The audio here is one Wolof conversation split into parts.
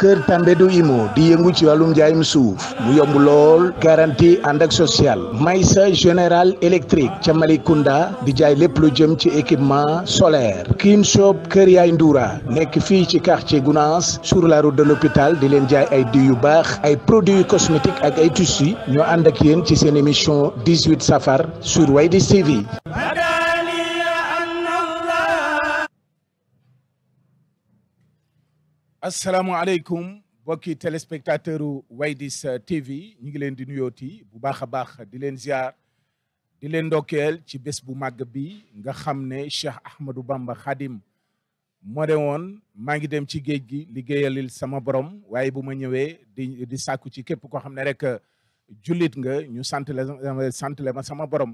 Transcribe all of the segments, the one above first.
kër Tambédou Imo di yëngu ci wàllum njaayum suuf mu yomb lool garantie ànd ak social Maysa général électrique ca Malicounda di jaay lépp lu jëm ci équipement solaire Kim Shop kër Yaay nduuraa nekk fii ci quartier Gounass sur la route de l'hôpital di leen jaay ay diw yu baax ay produits cosmétiques ak ay tissus ñu ànd ak yéen ci seen émission 18 safar sur Widish TV asalaamualeykum bokki téléspectateur u Widish euh, TV ñu ngi leen di nuyooti bu baax a baax di leen ziar di leen ndokkeel ci bés bu màgg bi nga xam ne Cheikh Ahmadou Bamba Khadim moo de woon maa ngi dem ci géej gi liggéeyalil sama borom waaye bu ma ñëwee di di sàkku ci képp koo xam ne rek euh, julit nga ñu euh, sant la ma sama borom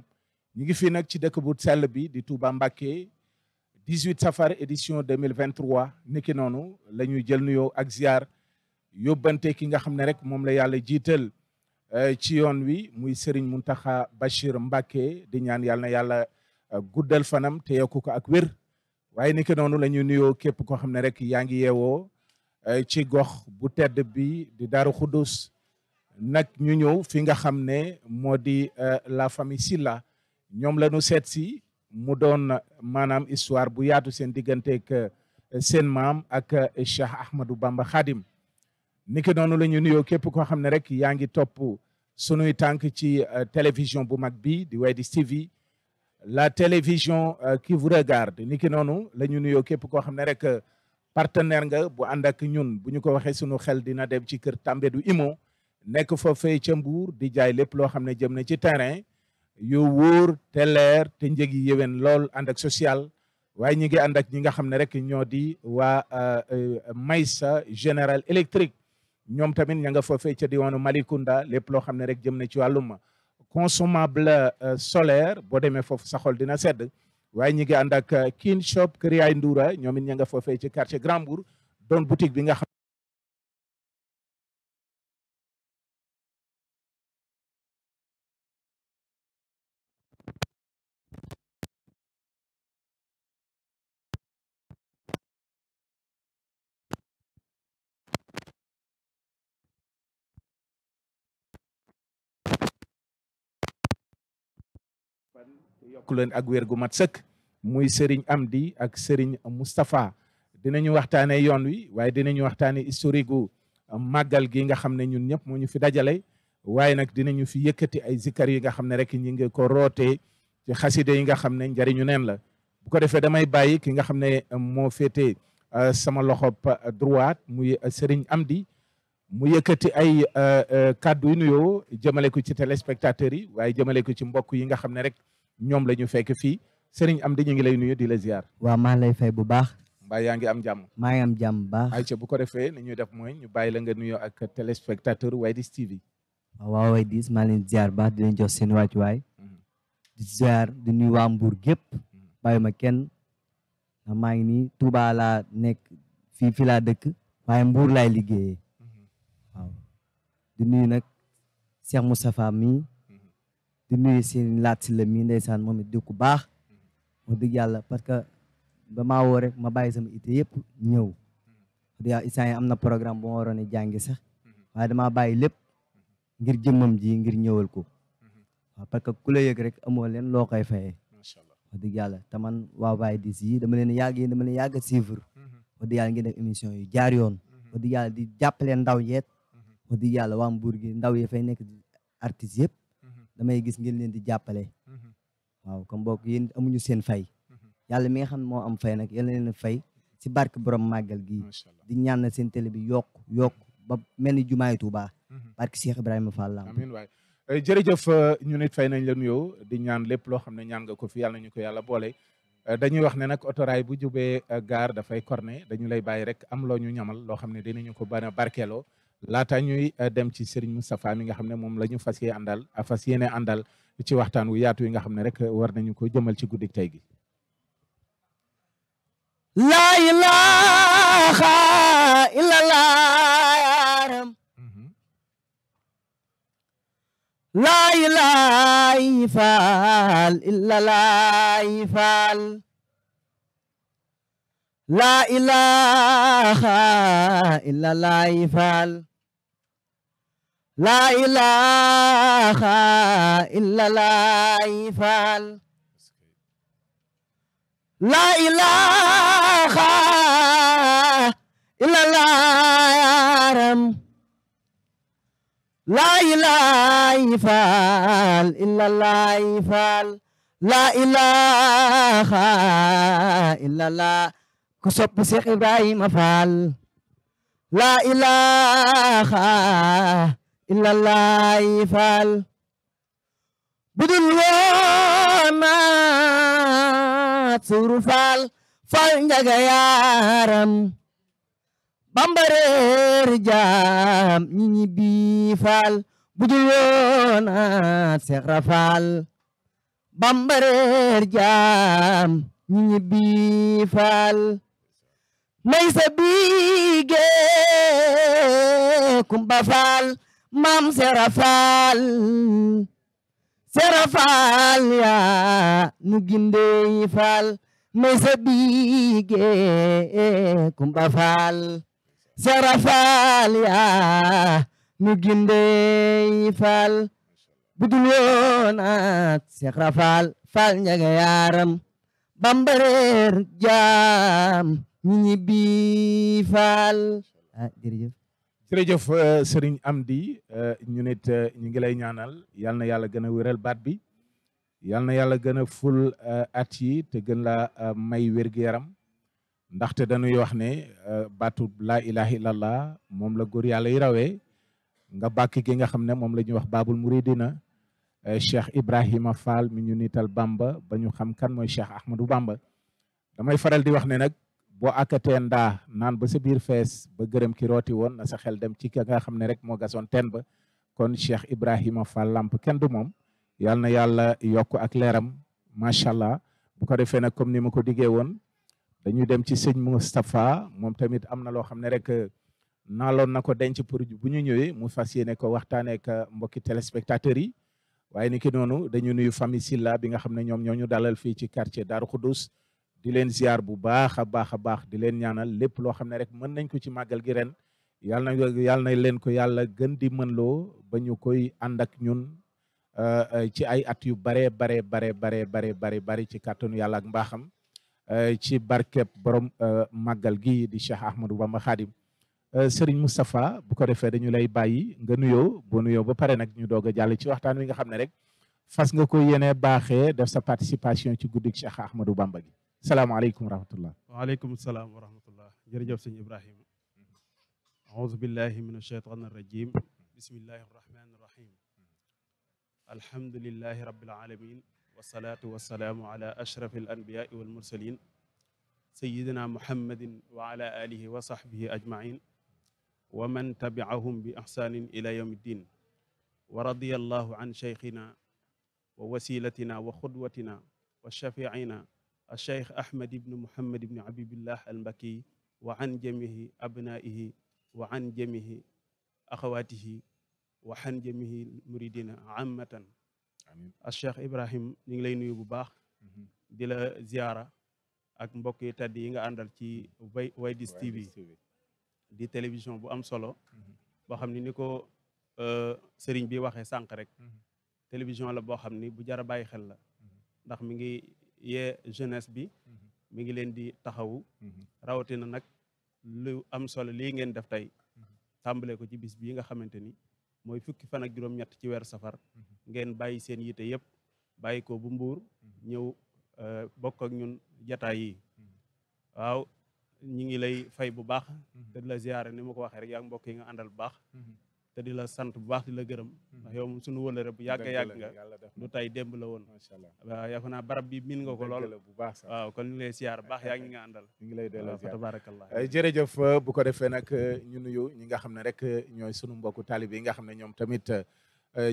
ñu ngi fii nag ci dëkk bu sell bi di Touba Mbacké 18 safar édition 2023 niki noonu la jël nuyo ak ziar yobante ki nga xam ne rek mom la yalla jiital eh, ci yoon Bachir Mbake, di ñaan yalla yalla eh, guddal fanam te yokku ko ak la eh, bi di daru la famille Sylla ñom la mu doon maanaam histoire bu yaatu seen digganteeg eh, seen maam ak eh, Cheikh Ahmadou Bamba Khadim niki noonu la ñu nuyoo képp koo xam ne rek yaa ngi topp sunuy tànk ci eh, télévision bu mag bi di Widish TV la télévision qui vous regarde niki noonu la ñu nuyoo képp koo xam ne rek partenaire nga bu ànd ak ñun bu ñu ko waxee sunu xel dina dem ci kër Tambédou Imo nekk foofee ca Mbour di jaay lépp loo xam ne jëm na ci terrain yoo wóor te leer te njëg yi lool ànd ak social waaye ñi ngi ànd ak ñi nga xam ne rek ñoo di waa euh, euh, Maysa General Electric ñoom tamit ña nga foofee ca diwaanu Malicounda lépp loo xam ne rek jëm na ci wàllum consommable euh, solaire boo demee foofu sa dina sedd waaye ñi ngi ànd ak Kin Shop Kër Yaay Ndoura ñoom it ña nga foofee ci quartier Grand Bourg doon bi nga xam yokk leen ak wér gu mat sëkk muy Serigne Amdi ak Serigne Moustapha dinañu waxtaanee yoon wi waaye dinañu waxtaanee historique gu euh, màggal gi nga xam ne ñun ñëpp moo ñu fi dajale waaye nag ñu fi yëkkati ay zikkar yi nga xam ne rek ñu ngi ko rootee ci xaside yi nga xam ne njariñu neen la bu ko defee damay bàyyi ki nga xam ne euh, moo féetee euh, sama loxo droite muy Serigne Amdi mu yëkkati ay kàddu yu nuyoo jëmale ko ci téléspectateurs yi waaye jëmale ci mbokk yi nga ne rek ñoom la ñu fekk fii sëriñ am di ngi lay nuyu di la ziar. waa maa lay fay bu baax. mbaa yaa ngi am jàmm. maa ngi am jàmm bu baax. ayca bu ko defee ni ñuy def mooy ñu bàyyi la nga nuyoo ak téléspectateur Widish TV. waaw Widish maa leen ziar baax di jox seen wàccuwaay. Mhm. di ziar di nuyu waa Mbour gépp mhm. bàyyi ma kenn maa ngi nii Touba laa nekk fii fi dëkk. waaye mbuur laay liggéeyee. Mhm. waaw di nuyu nag Cheikh Moustapha mi di nuyu seen laat si la mii ndeysaan moom it di ku baax wax dëgg ba maa woo rek ma bàyyi sama ité yëpp ñëw wax dëgg yàlla am na programme bu ma waroon a jàngi sax waaye damaa bàyyi ngir jëmmam ji ngir ñëwal ko waaw parce que ku la yëg rek amoo leen loo koy waa Baye Diis yi yi dama leen yàgg a suivre wax dëgg yàlla ngeen jaar yoon wax dëgg di jàppale ndaw yeet wax dëgg yàlla waa Mbour gi ndaw yi nekk artistes yëpp damay gis ngeen leen di jàppale mm-hmm. waaw comme bokk yéen amuñu seen fay mm-hmm. yàlla mi nga xam moo am fay nag yàlla leen fay si barke borom màggal gi di ñaan seen télé bi yokk yokk ba mel ni jumaay Tuuba mm-hmm. barke Cheikh Ibrahima Fall amiin waay eh, jërëjëf eh, ñu nit fay nañ la nuyoo di ñaan lépp loo xam ne ñaan nga ko fi yàlla nañu ko yàlla boole eh, dañuy wax ne nag otoraay bu jubee gaar dafay corné dañu lay bàyyi rek am loo ñu ñamal loo xam ne dinañu ko bana barkeeloo laata ñuy eh, dem ci Serigne Moustapha mi nga xam ne moom la ñu fas yéene àndal eh, fas yéene àndal ci waxtaan wu yaatu yi nga xam ne rek eh, war nañu ko jëmal ci guddik tey gi laa ilaaha illallah mhm. laa ilaaha faal illallah faal laa ilaaha illallah faal la ilaha illa lay faal la ilaha illa laram la ilaha faal illa lay faal la ilaha illa la ku sopp Seex Ibrahima Faal la ilaha illallah yi faal budul woon suuru faal faal njaga yaaram bambareer jaam ñi ñi faal budul woon maat faal bambareer jaam ñi ñi faal may sa biige kumba faal Mam serafal, serafal ya, nu ginde fal may sa Kumba fal Serafal ya nu ginde fal budul woon fal Seera Faal yaram njaga ñi ñibbi ah jërëjëf euh, Serigne Amdi euh, ñu nit euh, ñu ngi lay ñaanal yal na yàlla gën a wéral baat bi yal na yàlla gën a ful at yi te gën laa may wér yaram ndaxte dañuy wax ne baatu la ilaha illallah moom la góor yàlla yi rawee nga bàkk gi nga xam ne moom la ñuy wax baabul muridina Cheikh Ibrahima Fall mi ñu nital Bamba ba ñu xam kan mooy Cheikh Ahmadou Bamba damay faral di wax nag bo akatenda nan naan ba sa bir fess ba gërëm ki roti won na sa xel dem ci ka nga xamne rek mo gason ten ba kon Cheikh Ibrahima Fall Lamp kenn du mom yalna yalla yok ak leram machallah bu ko defé nak comme ni ko diggee won dañuy dem ci seigne mustapha mom tamit amna lo xamne rek euh, nalon na denc pour bu ñu mu fasiyene ko waxtaanee ak euh, mbokki téléspectateur yi waaye ni ki nonu dañu nuyu famille Silla bi nga xamne ñom dalal fi ci quartier Darou Khoudous di len ziar bu baakha baakha baax di len ñaanal lepp lo xamne rek mën nañ ko ci magal gi ren yalla yalla nay len ko yalla gën di mën lo ba koy ak ñun euh, euh, ci ay at yu bare bare bare bare bare bare bare ci kàttanu yalla ak euh ci barkeb borom euh, magal gi di Cheikh Ahmadou Bamba Khadim Serigne mustapha bu ko defé dañu lay bayyi nga nuyo bo nuyo ba pare nak ñu doga jall ci waxtaan wi nga xamne rek fas nga ko yene baaxee def sa participation ci guddik Cheikh Ahmadou Bamba gi السلام عليكم ورحمة الله وعليكم السلام ورحمة الله جرجب سن إبراهيم أعوذ بالله من الشيطان الرجيم بسم الله الرحمن الرحيم الحمد لله رب العالمين والصلاة والسلام على أشرف الأنبياء والمرسلين سيدنا محمد وعلى آله وصحبه أجمعين ومن تبعهم بإحسان إلى يوم الدين ورضي الله عن شيخنا ووسيلتنا وخدوتنا وشفيعنا الشيخ أحمد بن محمد بن عبيب الله المكي وعن جميع أبنائه وعن جميع أخواته وعن جميع المريدين عامة الشيخ إبراهيم ñu ngi lay nuyu bu baax di ak mbokk yi tàdd yi nga àndal ci Widish TV di télévision bu am solo boo xam ne ni ko bi waxee sànq rek télévision la boo xam bu jara bàyyi xel la ndax mi ngi yee jeunesse bi mi ngi leen di taxawu rawatina nag lu am solo lii ngeen def tey tàmbale ko ci bis bii nga xamante ni mooy fukki fan ak juróom-ñett ci weer safar ngeen bàyyi seen yite yëpp bàyyi ko bu mbuur ñëw euh, bokk ak ñun jataay yi waaw ñi ngi lay fay bu baax te la ziyaare ni ma ko waxee rek yaa mbokk yi nga àndal bu baax te di la sant bu baax di la gërëm hmm. ndax yow suñu wëlëre bu yàgg yàgg nga du tey démb la woon waaw yaakaar naa barab bi miin nga ko lool bu baax sax waaw kon ñu baax yaa ngi nga àndal ñu ngi lay delloo ziar tabarakallah eh, jërëjëf eh, bu ko defee nag eh, ñu nuyu ñi nga xam ne rek ñooy sunu mbokku taalibe i nga xam ne ñoom tamit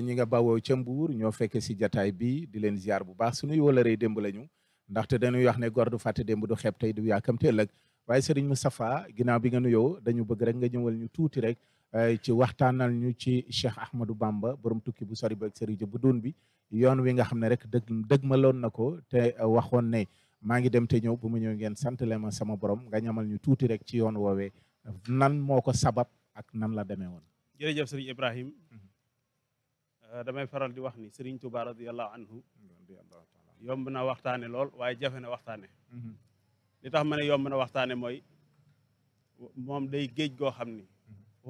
ñi nga bawoo ca Mbuur ñoo fekke si jataay bi di leen ziar bu baax suñuy ñu ndax te ndaxte dañuy wax ne gor du fàtte démb du xeeb tey du yaakamte ëllëg waaye Serigne Moustapha ginnaaw bi nga nuyoo dañu bëgg rek nga ñëwal ñu tuuti rek Eh, ci waxtaanal ñu ci Cheikh Ahmadou Bamba borom tukki bu sori beeg sëriñ bu doon bi yoon wi nga xam ne rek dëgg dëgmaloon na ko te eh, waxoon ne maa ngi dem te ñëw bu ma ñëw ngeen santale ma sama borom nga ñamal ñu tuuti rek ci yoon woowee nan moo ko sabab ak nan la demee woon. jërëjëf sëriñ Ibrahim mhm. eh, damay faral di wax ni sëriñ Tuubaa radiyallahu anhu yomb na waxtaane lool waaye jafe na waxtaane mhm. li tax ma ne yomb na waxtaane mooy moom day géej goo xam ni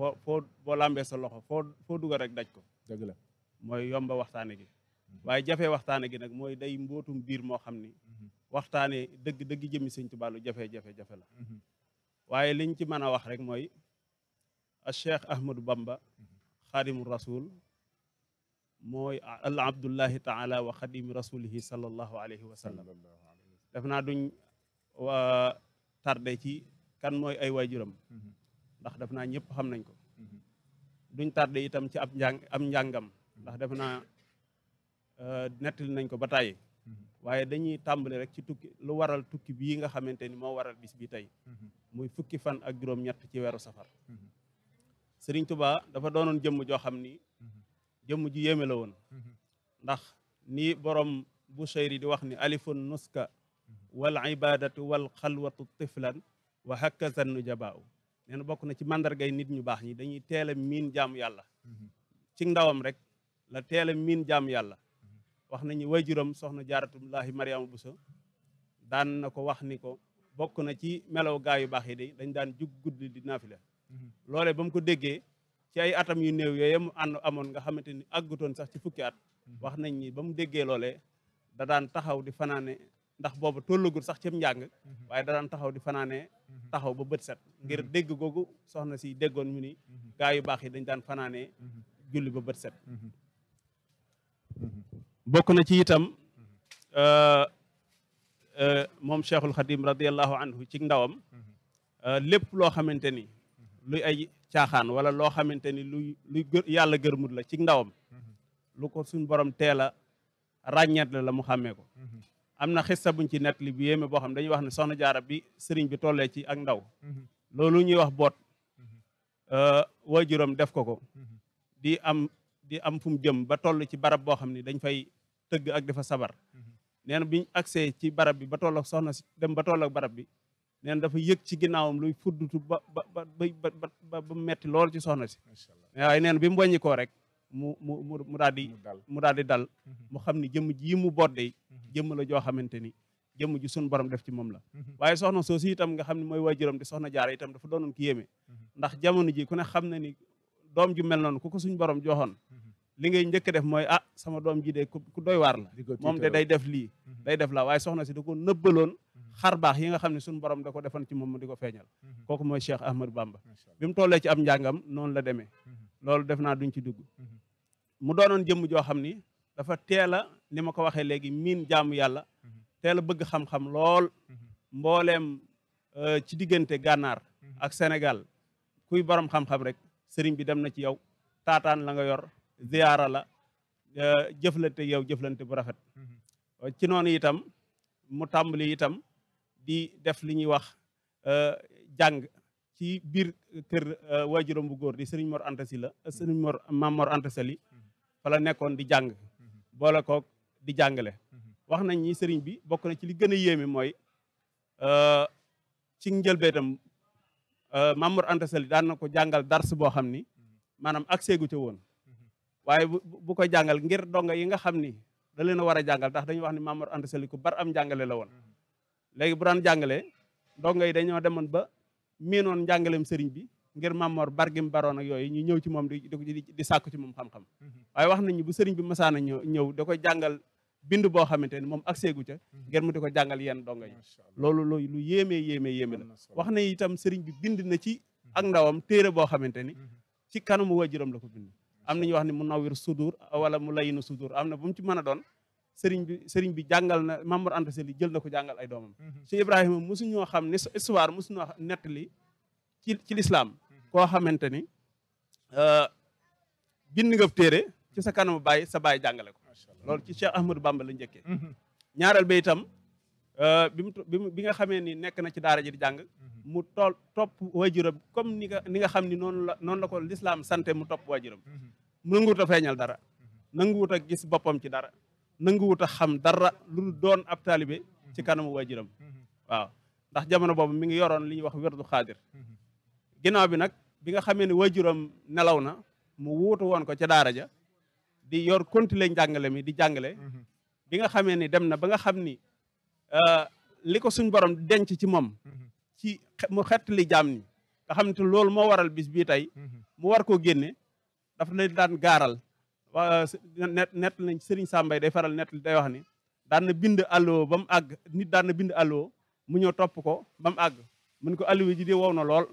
foo foo boo làmbee sa loxo foo foo dugal rek daj ko. dëgg la mooy yomba waxtaane gi. Mhm. waaye jafe waxtaane gi nag mooy day mbootum biir moo xam ni. Mhm. waxtaane dëgg dëgg jëmi sëñ Tuubaa jafe-jafe jafe la. Mhm. waaye liñ ci mën a wax rek mooy a Cheikh Ahmadou Bamba. xaadimu rasul moy al abdullahi taala wa xadimu rasulihi sallallahu alayhi wa sallam def naa duñ tardé ci kan mooy ay waajuram ndax def naa ñëpp xam nañ ko mhm. duñ tardé itam ci ab njàng am njàngam ndax def naa euh, nettali nañ ko ba tàyyi mhm. waaye dañuy tàmbali rek ci tukki lu waral tukki bii nga xamante ni moo waral bis bi tey mhm. muy fukki fan ak juróom-ñett ci weeru safar Sëriñ Tuubaa dafa doonoon jëmm joo xam ni jëmm ju yéeme la woon ndax ni borom Busayri di wax ni alifun nuska wal ibadatu wal xalwatu tiflan wa hakaza nee na bokk na ci mandargay nit ñu baax ñi dañuy teel a miin jaamu yàlla mhm. ci ndawam rek la teel a miin jaamu yàlla mhm. wax nañu waajuram soxna jaaratullahi mariama buso daan na ko wax ni ko bokk na ci melow gaa yu baax yi day dañ daan jug guddi di naafila mhm. loole ba mu ko déggee ci ay atam yu néew yooyu mu ànd amoon nga xamante ni àggutoon sax ci fukki at wax nañ ni ba mu déggee loolee da daan taxaw di fanaane ndax bobu tolugul sax cim njàng mhm. waye da daan taxaw di fanane, mhm. taxaw ba beut set mhm. ngir deg gogu soxna si degon ñu ni gaay yu bax yi dañ dan fanane julli ba beut set bokku na ci itam mom euh, euh, cheikhul khadim radiyallahu anhu ci ndawam euh lepp lo xamanteni luy ay tiaxan wala lo xamanteni ni luy luy yàlla gërmut la ci ndawam lu ko suñ borom teela ragnat la mu xamé ko am na xissa buñ ci nettali bu yéeme boo xam dañuy wax na soxna jaara bi sëriñ bi tollee ci ak ndaw mhm. loolu ñuy wax boot mhm. euh, waajuram def ko ko mhm. di am di am fu mu jëm ba toll ci barab boo xam ne dañ fay tëgg ak dafa sabar nee na biñu agsee ci barab bi ba toll ak soxna si dem ba toll barab bi nee na dafa yëg ci ginnaawam luy fuddutu ba ba ba ba metti lool ci soxna si waaye nee na bi mu wàññikoo rek mu mu mu mu daal di mu daal di dal mhm. mu xam ni jëmm ji mu boddee mhm. jëmm la joo xamante ni jëmm ji suñu borom def ci moom la mhm. waaye soxna soosu itam nga xam ne mooy waajuram di soxna jaara itam dafa doonoon ki yéeme ndax jamono ji ku ne xam na ni doom ju mel noonu ku ko suñu borom joxoon li ngay njëkk def mooy a ah, sama doom ji de ku doy waar la moom de day def lii day def la waaye soxna si da ko nëbbaloon xar baax yi nga xam ne suñu borom da ko defoon ci moom di ko feeñal kooku mooy Cheikh Ahmadou Bamba bi mu tollee ci am njàngam noonu la demee loolu def naa duñ ci mu doonoon jëmm joo xam ni dafa teel a ni ma ko waxee léegi miin jaamu yàlla mhm. teel a bëgg xam-xam lool mhm. mbooleem euh, ci diggante gànnaar mhm. ak Sénégal kuy borom xam-xam rek sëriñ bi dem na ci yow taataan la nga yor ziyaara la euh, jëflante yow jëflante bu rafet euh, ci noonu itam mu tàmbali itam di def li ñuy wax jàng ci biir kër waajuram bu góor di sëriñ Mor Anta Sylla sëriñ Mor Maam Mor Anta Sali fala nekkon nekkoon di kok mm-hmm. boole ko di jàngale mm-hmm. wax nañ ni sëriñ bi bokk na ci li gëna yéme moy euh ci euh Mamour antassali da na ko jangal dars bo xamni manam mm-hmm. maanaam ak seegu ca woon bu ko jangal ngir donga yi nga xamni janggal, da leena wara jangal tax dañu wax ni Mamour antassali ku bar am jàngale la won léegi bu daan jàngalee donga yi dañu demone ba minon njàngaleem sëriñ bi ngir Mamor bargim baroon yooyu ñu ñëw ci moom di di ci moom xam-xam mhm. waaye wax nañu bu sëriñ bi masaana ñëw ñëw da koy jàngal bind boo xamante ni moom accès gu ca mhm. ngir mu di ko jàngal yenn donga yi loolu loolu lu yéemee yéemee yéeme la wax na itam sëriñ bi bind na ci mhm. ak ndawam téere boo xamante ni ci kanamu waajuram la ko bind am na ñuy wax ni mu nawir sudur wala mu layinu sudur am na bu mu ci mën a doon sëriñ bi sëriñ bi jàngal na Mamour Anta Sali jël na ko jàngal ay doomam su Ibrahima mosuñoo xam ni histoire mosuñoo nettali ci ci lislaam mm-hmm. koo xamante ni euh, bind nga téere ci sa kanamu baay sa baay jàngale ko loolu ci Cheikh Ahmadou Bamba la njëkkee mm-hmm. ñaareel ba itam euh, bi mu bi nga xamee ni nekk na ci daara ji di jàng mm-hmm. mu tool topp waajuram comme ni nga nga xam ni noonu la noonu la ko lislaam sante mu topp waajuram nanguwut a feeñal dara nanguwut a gis boppam ci dara nanguwut a xam dara lu doon ab taalibe ci kanamu waajuram waaw ndax jamono boobu mu ngi yoroon li wax werdu xaadir ginnaaw bi nag bi nga xamee ne waajuram nelaw na mu wuutu woon ko ca daara ja di yor continuer njàngale mi di jàngale mhm. bi nga xamee ni dem na ba nga xam ni euh, li ko suñ borom denc ci moom mhm. ci mu xett li jaam ni nga xam te loolu moo waral bis bii tey mhm. mu war koo génne dafa lay daan gaaral net net nañ sëriñ Sàmbay day faral net li day wax ni daan na bind allo ba mu àgg nit daan na bind allo mu ñëw topp ko ba mu àgg mun ko allo ji di wow na lool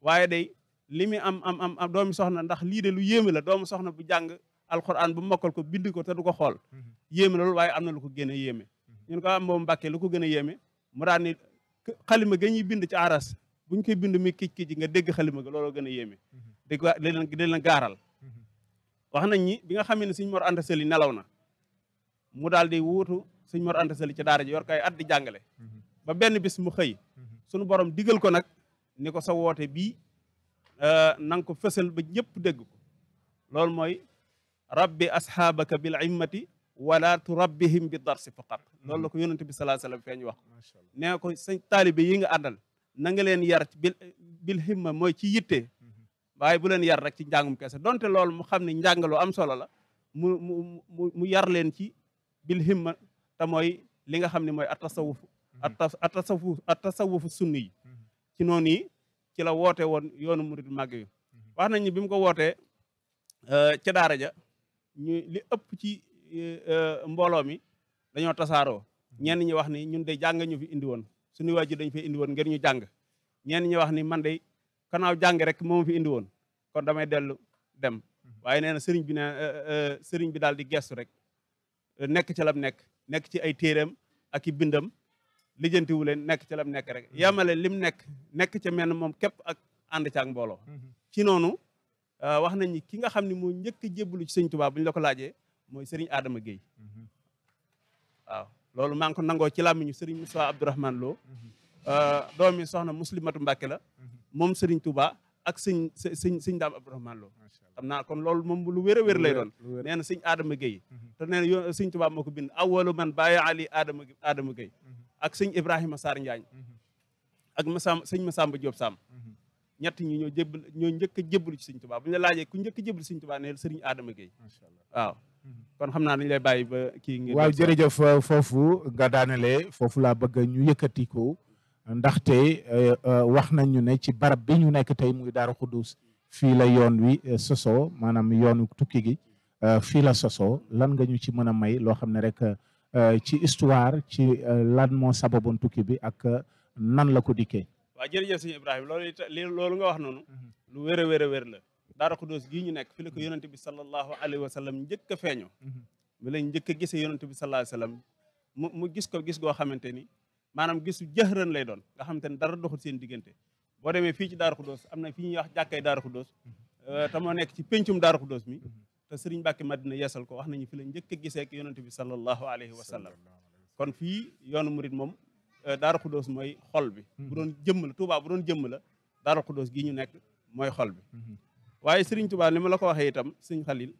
waaye day li muy am am am am doomi soxna ndax lii de lu yéeme la doomu soxna bu jàng alxuraan bu mokkal ko bind ko te du ko xool mm-hmm. yéeme loolu waaye am na lu ko gën a yéeme mm-hmm. ñun ko am moom mbàkkee lu ko gën a yéeme mu daan ni xalima ga ñuy bind ci aras buñ koy bind mi kij kij nga dégg xalima ga looloo gën a yéeme mm-hmm. dégg leen leen a gaaral wax nañ ñi bi nga xamee ne suñ Mor Anta Sali nelaw na mu daal di wuutu suñ Mor Anta Sali ci daara ji yor kay at di jàngale ba benn bis mu xëy suñu borom digal ko nag ni ko sa woote bii eh, na nga ko fësal ba ñëpp dégg ko loolu mooy rabbi asxaabaka bil immati wala turabbihim bi darsi faqat loolu la ko yonente bi salaa sallam feeñ wax nee ko sa taalibe yi nga àndal na nga leen yar bil bil himma mooy ci yitte mm-hmm. waaye bu leen yar rek ci njaagum kese donte loolu mu xam ne njàng lu am solo la mu mu mu yar leen ci bil himma te mooy li nga xam ne mooy at tasawuf mm-hmm. at tasawuf at yi ci noonu yi ci la woote woon yoonu murid màgg wi mhm. wax nañ ni bi mu ko wootee euh, ca daara ja ñu li ëpp ci euh, euh, mbooloo mi dañoo tasaaroo mhm. ñenn ñi wax ni ñun de jàng ñu fi indi woon suñu waajur dañ fee indiwoon woon ngir ñu jàng ñenn ñi wax ni man de kanaaw jàng rek moom fi indi woon kon damay dellu dem mhm. waaye nee na sëriñ bi ne sëriñ bi daal di gestu rek nekk ca lam nekk nekk ci ay téeram ak i bindam lijjantiwu leen nekk ca lam nekk rek mm-hmm. yamale lim nekk nekk ca menn moom képp ak ànd ca ak mbooloo mm-hmm. ci noonu euh, wax nañ ni ki nga xam ne moo njëkk a ci sëñ Tuubaa bu ñu la ko laajee mooy sëriñ Adama Guèye mm-hmm. waaw loolu ci làmmiñu sëriñ Moussa Abdourahman Lo euh, doomi soxna Muslimatu Mbàkke la moom sëriñ Tuubaa ak sëñ sëñ sëñ daam Abdourahmane Lo xam naa kon loolu moom lu wér a wér lay doon nee na sëñ Adama Gueye te nee na yoon sëñ Tuubaa moo ko bind Adama Adama ak sëñ Ibrahima Sarr Njaañ ak Masamba sëñ Masamba Diop Sam ñett ñi ñoo jébbal ñoo njëkk a jébbalu ci sëñ Tuubaa bu ñu la laajee ku njëkk a jébbalu sëñ Tuubaa ne sëriñ Adama Gueye waaw kon xam naa dañu lay bàyyi ba kii ngi waaw euh, foofu nga foofu laa bëgg ñu yëkkati ko ndaxte euh, euh, wax nañu ne ci barab bi ñu nekk tey muy Daaru Xuddus fii la yoon wi soso maanaam yoonu tukki gi fii la sosoo lan nga ñu ci mën a may loo xam ne rek Euh, ci histoire ci euh, lan moo sababoon tukki bi ak euh, nan la ko dikkee. waaw jërëjëf sëñ Ibrahima loolu loolu nga wax noonu. Mhm. lu wér a weer a wér la. Daara Xuddoos gii ñu nekk fi la ko yonent bi sallallahu alayhi wa sallam njëkk a feeñoo. bi mhm. lañ njëkk a gisee yonent bi sallallahu alayhi wa sallam mu gis ko gis goo xamante ni maanaam gisu jëxëran lay doon nga xamante ni dara doxul seen diggante. boo demee fii ci Daara Xuddoos am na fi ñuy wax jàkkay Daara Xuddoos mhm. te moo nekk ci pencum Daara Xuddoos mi. te sëriñ Mbàkke Madina yeesal ko wax nañu fi la njëkk a gisee ak yonente bi sallallahu alayhi wa sallam kon fii yoonu murit moom euh, daar Xuddoos mooy xol bi bu doon jëmm la Tuubaa bu doon jëmm la Daaru Xuddoos gi ñu nekk mooy xol bi mhm. waaye sëriñ Tuubaa ni ma la ko waxee itam sëriñ Xalil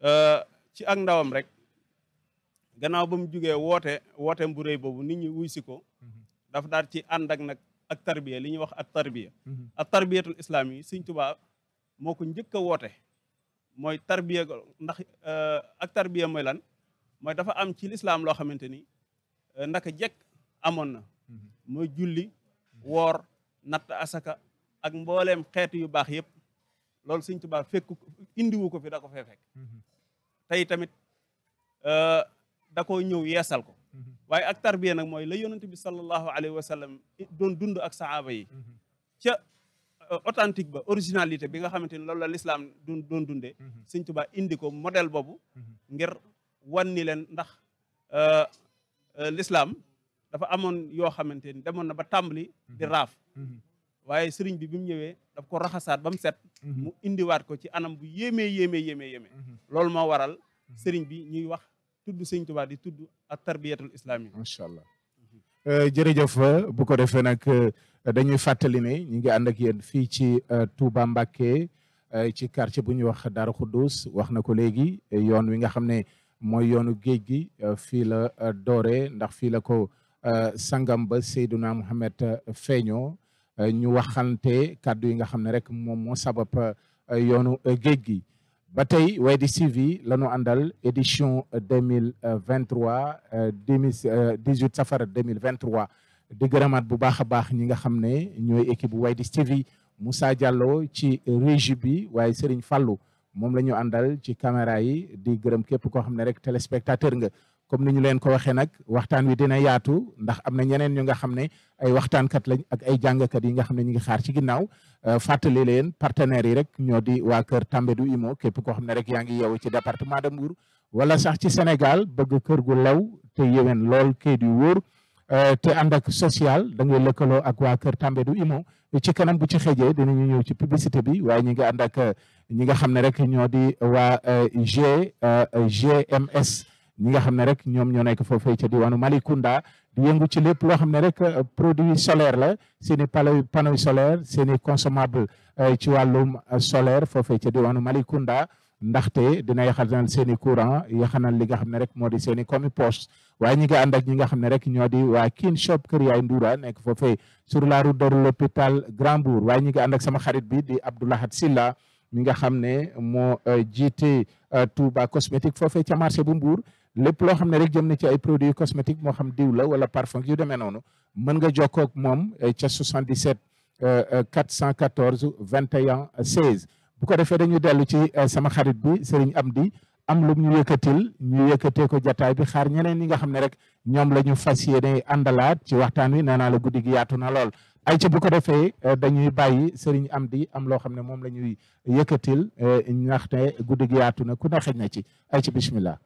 euh, ci ak ndawam rek gannaaw ba mu jugee woote woote bu rëy boobu nit ñi wuy si ko mhm. dafa daal ci ànd ak nag ak tarbiya li ñuy wax ak tarbiya mhm. ak tarbiyatul islaam yi sëriñ moo ko njëkk a woote mooy tarbiya ndax euh, ak tarbiya mooy lan mooy dafa am ci lislaam loo xamante ni euh, ndaka jekk amoon na mhm. mooy julli woor natt asaka ak mbooleem xeetu yu baax yëpp loolu Sëñ Tuubaa fekk ko fi da ko mhm. tey tamit euh, da koo ñëw yeesal ko mhm. waaye ak tarbiya nag mooy la yonent bi sallallahu alayhi wa doon dund ak sahaaba yi Euh, authentique ba originalité bi nga xamante ni loolu la lislaam du doon dundee mhm. sëñ Tuubaa indi ko modèle boobu mhm. ngir wan ni leen ndax euh, euh, lislaam dafa amoon yoo xamante ni demoon na ba tàmbali di mhm. raaf waaye sëriñ bi bi mu ñëwee daf ko raxasaat ba mu set mu indiwaat ko ci anam bu yéemee yéemee yéemee yéemee loolu moo waral sëriñ bi ñuy wax tudd sëñ Tuubaa di tudd ak tarbiyatul islaam yi macha Euh, jërëjëf euh, bu ko defee nag euh, dañuy fàttali ne ñu ngi ànd ak yéen fii ci Touba ci quartier bu ñuy wax Darou Khoudoss wax na ko léegi yoon wi nga xam ne mooy yoonu géej gi fii la doore ndax fii la ko sangam ba Seydouna Mohamed feeñoo ñu waxante kàddu yi nga xam ne rek moom moo sabab yoonu géej gi. ba tey waaye di suivi la ñu àndal édition deux mille vingt trois dix euh, huit safara deux mille euh, vingt trois di bu baax a baax ñi nga xam ne ñooy équipe bu waaye di suivi Moussa Diallo ci régie bi waaye Serigne Fallou moom la ñu àndal ci caméra yi di gërëm képp koo xam ne rek téléspectateur nga. comme niñu ñu leen ko waxee nak waxtaan wi dina yaatu ndax amna ñeneen ñu nga xam ay ay kat lañ ak ay kat yi nga xam ñu ngi xaar ci ginnaw euh, fatali leen partenaire yi rek ñoo di wa kër du Imo kep ko xam rek yaangi yow ci département de Mbour wala sax ci Sénégal bëgg kër gu law te yewen lool ke di wóor euh, te ànd ak social da ngay lekkalo ak waa kër du Imo ci kanam bu ci xëjee dinañu ñëw ci publicité bi waaye ñi ngi ànd ak ñi nga xam rek ñoo di wa euh, G GMS ñi nga xamne rek ñom ñoo nek Wanu ci diwanu malikunda di yëngu ci lepp lo xamne rek euh, produit solaire la seen i palo panneau solaire seen i consommable euh, ci walum euh, solaire foofee ca diwaanu Malicounda ndaxte dina yaxanal dal seni courant yaxanal li nga xamne rek modi seni comme poste way ñi nga and ak ñi nga xamne rek ñoo di wa Kin Shop keur Yaay Ndoura nek fofé sur la route de l'hôpital Grand-Bourg way ñi nga and ak sama xarit bi di Abdoulahat Silla mi nga xamne mo jité Touba cosmétique fofé ci marché bu lépp loo xam ne rek jëm na ci ay produits cosmétiques moo xam diw la wala parfum yu demee noonu mën nga jokkoo ak moom eh, ca 77 414 21 16. bu ko defee dañu dellu ci eh, sama xarit bi Serigne Amdi am lu ñu yëkkatil ñu yëkkatee ko jataay bi xaar ñeneen ñi nga xam ne rek ñoom la ñu fas yéene àndalaat ci waxtaan wi nee naa la guddi gi yaatu na lool. ay ca bu ko defee eh, dañuy bàyyi am Amdi am loo xam ne moom la ñuy yëkkatil ndaxte guddi gi yaatu na ku ne xëj na ci ay ci bismillah.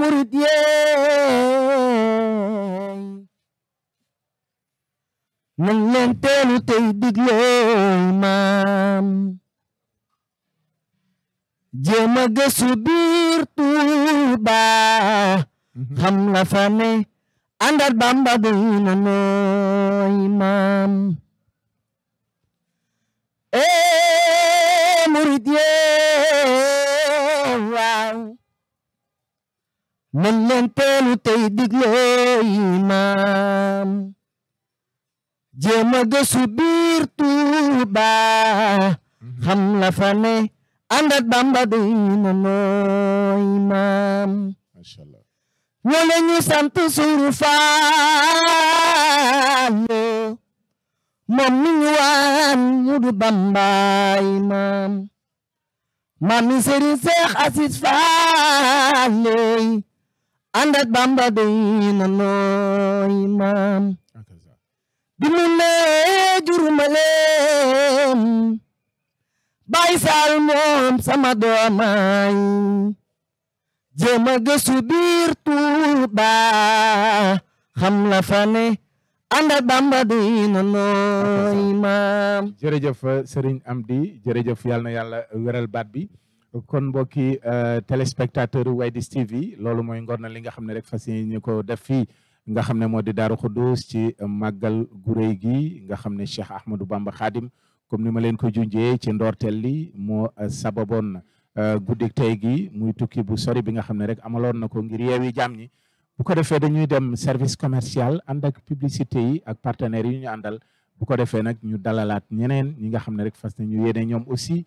murid yeey nañ leen teelu tey digle maam jéem a gëstu biir Tuuba mhm. xam la fa ne Bamba dey na nooy maam ee murid yeey nan leen teelu tey digloo imaam jéema gësu biir Tuuba xam la fa ne ànd Bamba du na nooy imaam wala ñu sant suuru faalo moom mi ñu waan mu du Bamba imaam maam mi Sëriñ Seex Asis ànd ak Bamba day na maam bi mu nee jurumaleem bay saal moom sama doomay jéem a gëstu biir Tuuba xam la fa ne ànd ak Bamba day na nooy am jërëjëf Serigne Amdi jërëjëf yàlla na yàlla wéral baat bi kon mbokki euh, téléspectateur Widish TV loolu moy ngorna li nga xam rek fasiyé ñuko def fi nga xam ne moo di Daaru Xuddus ci magal gu réy gi nga xam ne Cheikh Ahmadou Bamba Khadim comme nima ma leen ko junjee ci ndortel li moo sababoon euh, guddik tay gi muy tukki bu sori bi nga xam rek amalon nako ngir yewi jàmm ñi bu ko defee dañuy dem service commercial andak ak publicité yi ak partenaire yi ñu andal bu ko defee nak ñu dalalat ñeneen ñi nga rek fasiyé ñu yéné ñom aussi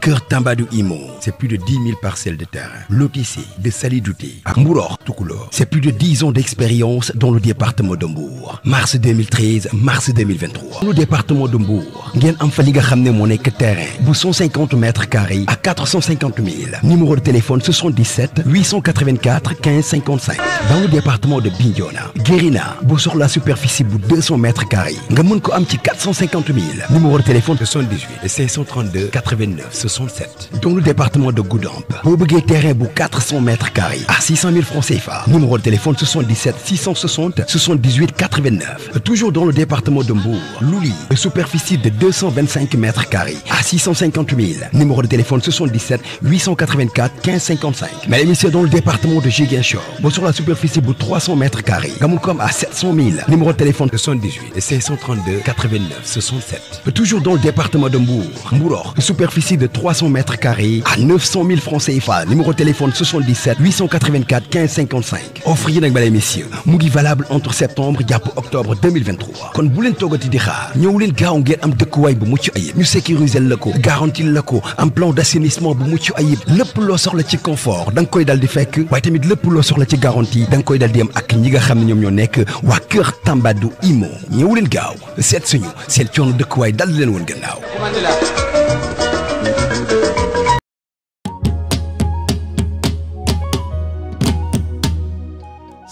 Cœur Tambadou Imo c'est plus de 10 000 parcelles de terrain lotissées de Salidouté c'est plus de 10 ans d'expérience dans le département de mars 2013 mars 2023 le département de Mbour y am fa li terrain 150 mètres carrés à 450 000 numéro de téléphone 77 884 15 55 dans le département de Bignona Guérina sur la superficie de 200 mètres carrés nga y 450 000 numéro de téléphone 78 532 89 dans le département de Goudamp, vous bëggee terrain bu 400 mètres carrés à 600 000 francs CFA numéro de téléphone 77 660 78 89 toujours dans le département de Mbour une superficie de 225 mètres carrés à 650 000 numéro de téléphone 77 884 15 55 mais monsieur dans le département de vous sur la superficie bu 300 mètres carrés Gamoukom à 700 000 numéro de téléphone 78 532 89 67 toujours dans le département de Mbour une superficie de 300 mètres carrés à 900 000 francs CFA numéro de téléphone 77 884 1555. 55 offre yi messieurs valable entre septembre et octobre 2023 kon bu leen toogati di xaar ñëw gaaw ngeen am dëkkuwaay bu mucc ayib ñu sécuriser la ko ko am plan d'assainissement bu mucc ayib lépp loo soxla ci confort da nga koy dal di fekk waaye tamit lépp loo soxla ci garantie da nga koy dal di am ak ñi nga xam ne ñoo nekk waa Kër Tambadou Imo ñëw leen gaaw seet suñu seen coono dëkkuwaay dal di leen woon gannaaw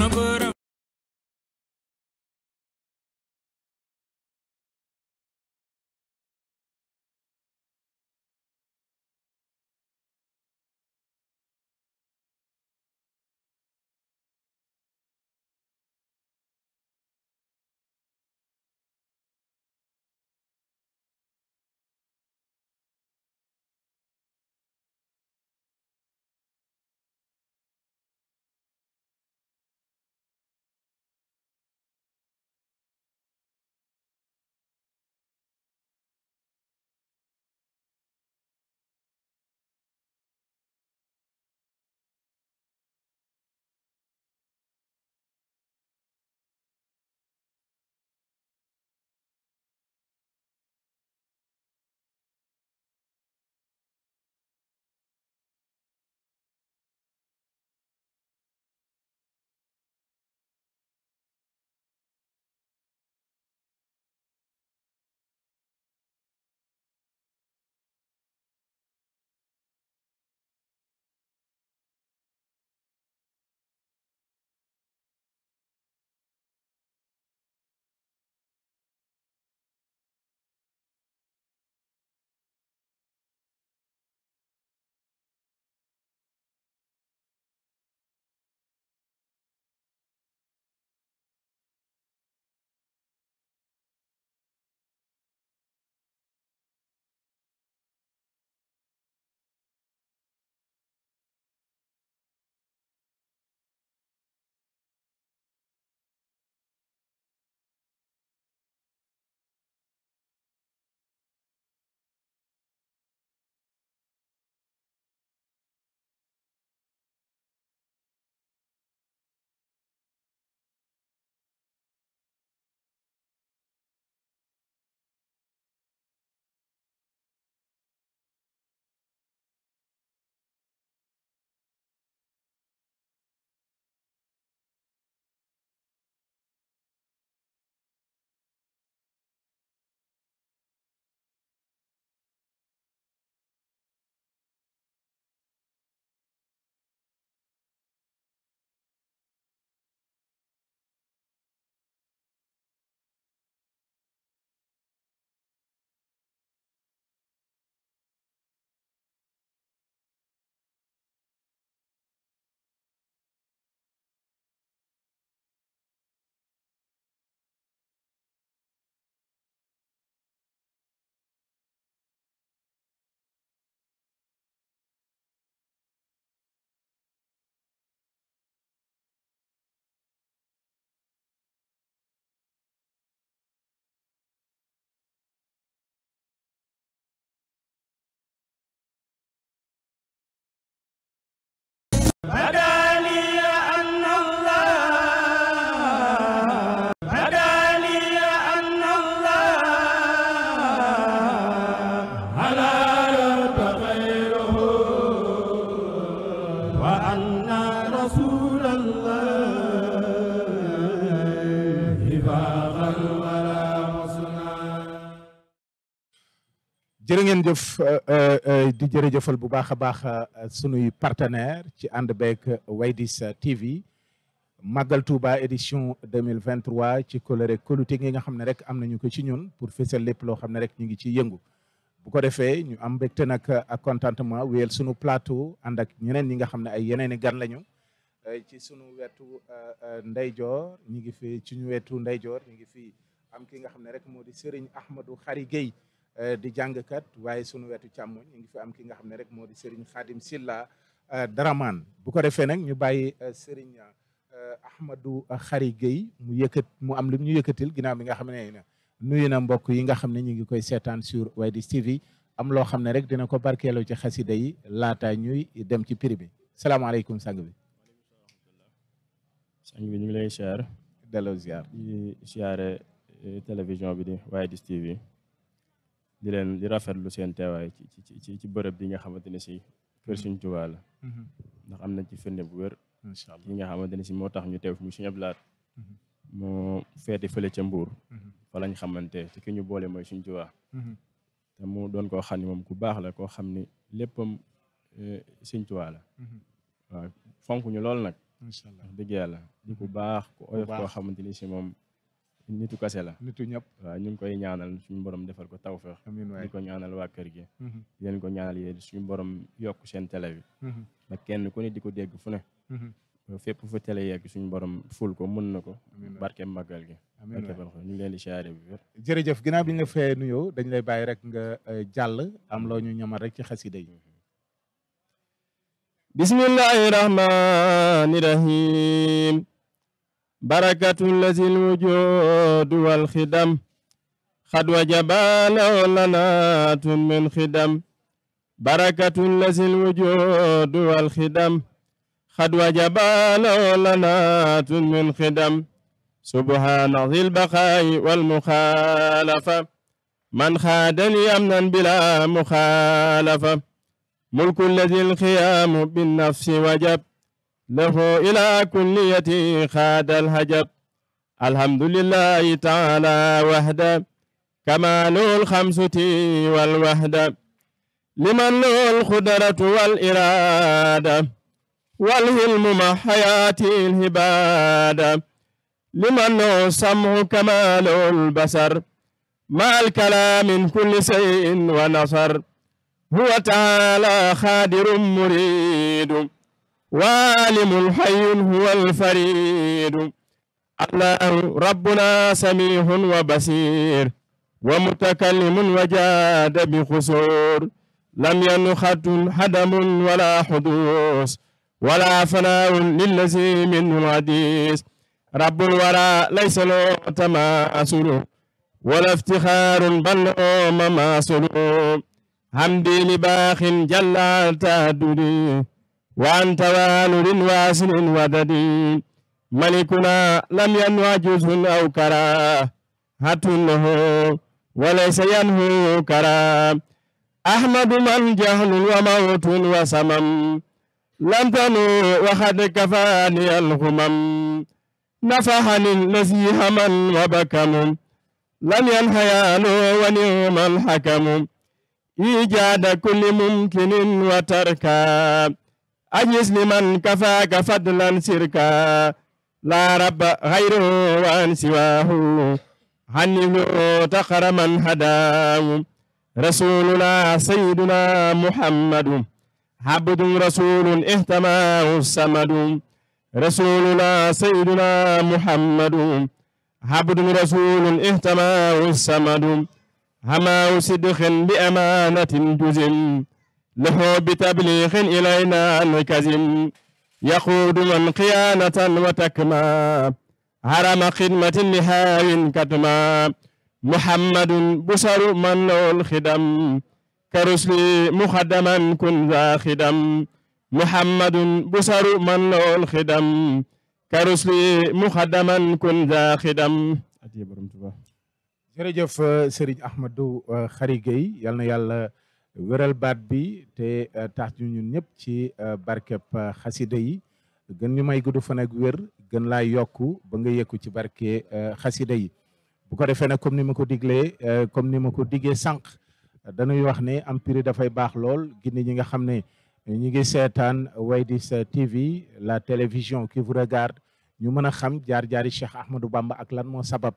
number Back ngeen jëf euh, euh, euh, di jërëjëfal bu baax a baax sunuy partenaire ci ànd beeg Widish TV Magal Touba édition 2023 ci coloré koluté gi nga xam ne rek am nañu ko ci ñun pour fësal lépp loo xam ne rek ñu ngi ciy yëngu bu ko defee ñu am nag ak contentement wéyal sunu plateau ànd ak ñeneen ñi nga xam ne ay yeneen i gan lañu ci sunu wetu ndeyjoor ñu ngi fi ci ñu wetu ndeyjoor ñu ngi fi am ki nga xam ne rek moo di Serigne Ahmadou Khary Guèye Eh, di jàngkat waaye sunu wetu càmmoñ ñu ngi fi am ki nga xam ne rek moo di Serigne Khadim Silla eh, Daraman bu ko defee nag ñu bàyyi eh, Serigne Ahmadou Khary Gueye mu yëkkat mu am lu ñu yëkkatil ginnaaw bi nga xam ne nuyu na mbokk yi nga xam ne ñu ngi koy seetaan sur Widish TV am loo xam ne rek dina ko barkeeloo ci xasida yi laata ñuy dem ci prix bi salaamaaleykum sang bi. sang bi ñu ngi lay ziar. delloo ziar. di ziare télévision bi di Widish TV. di len di rafetlu seen teewaay ci ci ci bërëb bi nga xamanteni mm-hmm. mm-hmm. ci si seigne touba la ndax amna ci fende bu wér yi nga xamanteni ci motax ñu tew fi mm-hmm. mu Sëriñ Abdu Lahat moo feete fële ca fa lañ xamanté ci ki ñu bolé moy seigne touba te mo doon ko xani mom ku baax la ko xamni leppam eh, seigne touba la waaw fonk ñu lol nak inshallah deug yalla di ku baax ko oyof ko xamanteni ci mom nitu kase la nitu ñëpp waaw ñu ngi koy ñaanal suñu borom defal ko tawfeex amiin waay di ko ñaanal waa kër gi mhm. di ko ñaanal yéen suñu yokk seen télé bi mhm. ba kenn ku ne di ko dégg fu ne mhm. fépp fu télé yegg suñu borom ful ko mën na ko barke màggal gi barke ñu leen di siyaare bi wér jërëjëf ginnaaw bi ñu la fee nuyoo dañ lay bàyyi rek nga eh, jàll am loo ñu ñamal rek ci xasida yi bismillahi بركة الذي الوجود والخدم قد وجب لنا من خدم بركة الذي الوجود والخدم قد وجب لنا من خدم سبحان ذي البقاء والمخالفة من خاد أمنا بلا مخالفة ملك الذي الخيام بالنفس وجب له إلى كليتي خاد الهجر الحمد لله تعالى وحده كمال الخمسة والوحدة لمن له القدرة والإرادة والهلم مع حياتي الهبادة لمن له السمع كمال البصر مع الكلام من كل شيء ونصر هو تعالى خادر مريد وعالم الحي هو الفريد الله ربنا سميع وبصير ومتكلم وجاد بخصور لم ينخد هدم ولا حدوث ولا فناء للذي منه حديث رب الورى ليس له تماثل ولا افتخار بل سلوك حمدي لباخ جل تهدري وأنت وانر واسع وددي ملكنا لم ينوى جزء أو كراهة له وليس ينهو كرا أحمد من جهل وموت وسمم لم تنو وقد كفاني الغمم نفحني الذي همم وبكم لم ينهيان ونعم الحكم إيجاد كل ممكن وتركا أجلس لمن كفاك فضلا سركا لا رب غيره وأن سواه هنئ تقر من هداه رسولنا سيدنا محمد عبد رسول اهتماه السمد رسولنا سيدنا محمد عبد رسول اهتماه السمد هماه صدق بأمانة جزم له بتبليغ إلينا انكزم يقود من قيانة وتكما هرم خدمة لهاو كتما محمد بسر من الخدم كرسلي مخدما كن ذا خدم محمد بسر من الخدم كرسلي مخدما كن ذا خدم jërëjëf Serigne Ahmadou Khary Gueye yal na yàlla wéral baat bi te euh, tax ñu ñun ñëpp ci euh, barkeb euh, xasida yi gën ñu may gudd fan ak wér gën laa yokku ba nga yëkku ci barke xasida yi bu ko defee nag comme ni ma ko diglee comme ni ma ko diggee sànq dañuy wax ne am dafay baax lool ginne ñi nga xam ne ñu ngi seetaan Widish TV la television qui vous ñu mën a xam jaar-jaari Cheikh Ahmadou Bamba ak lan moo sabab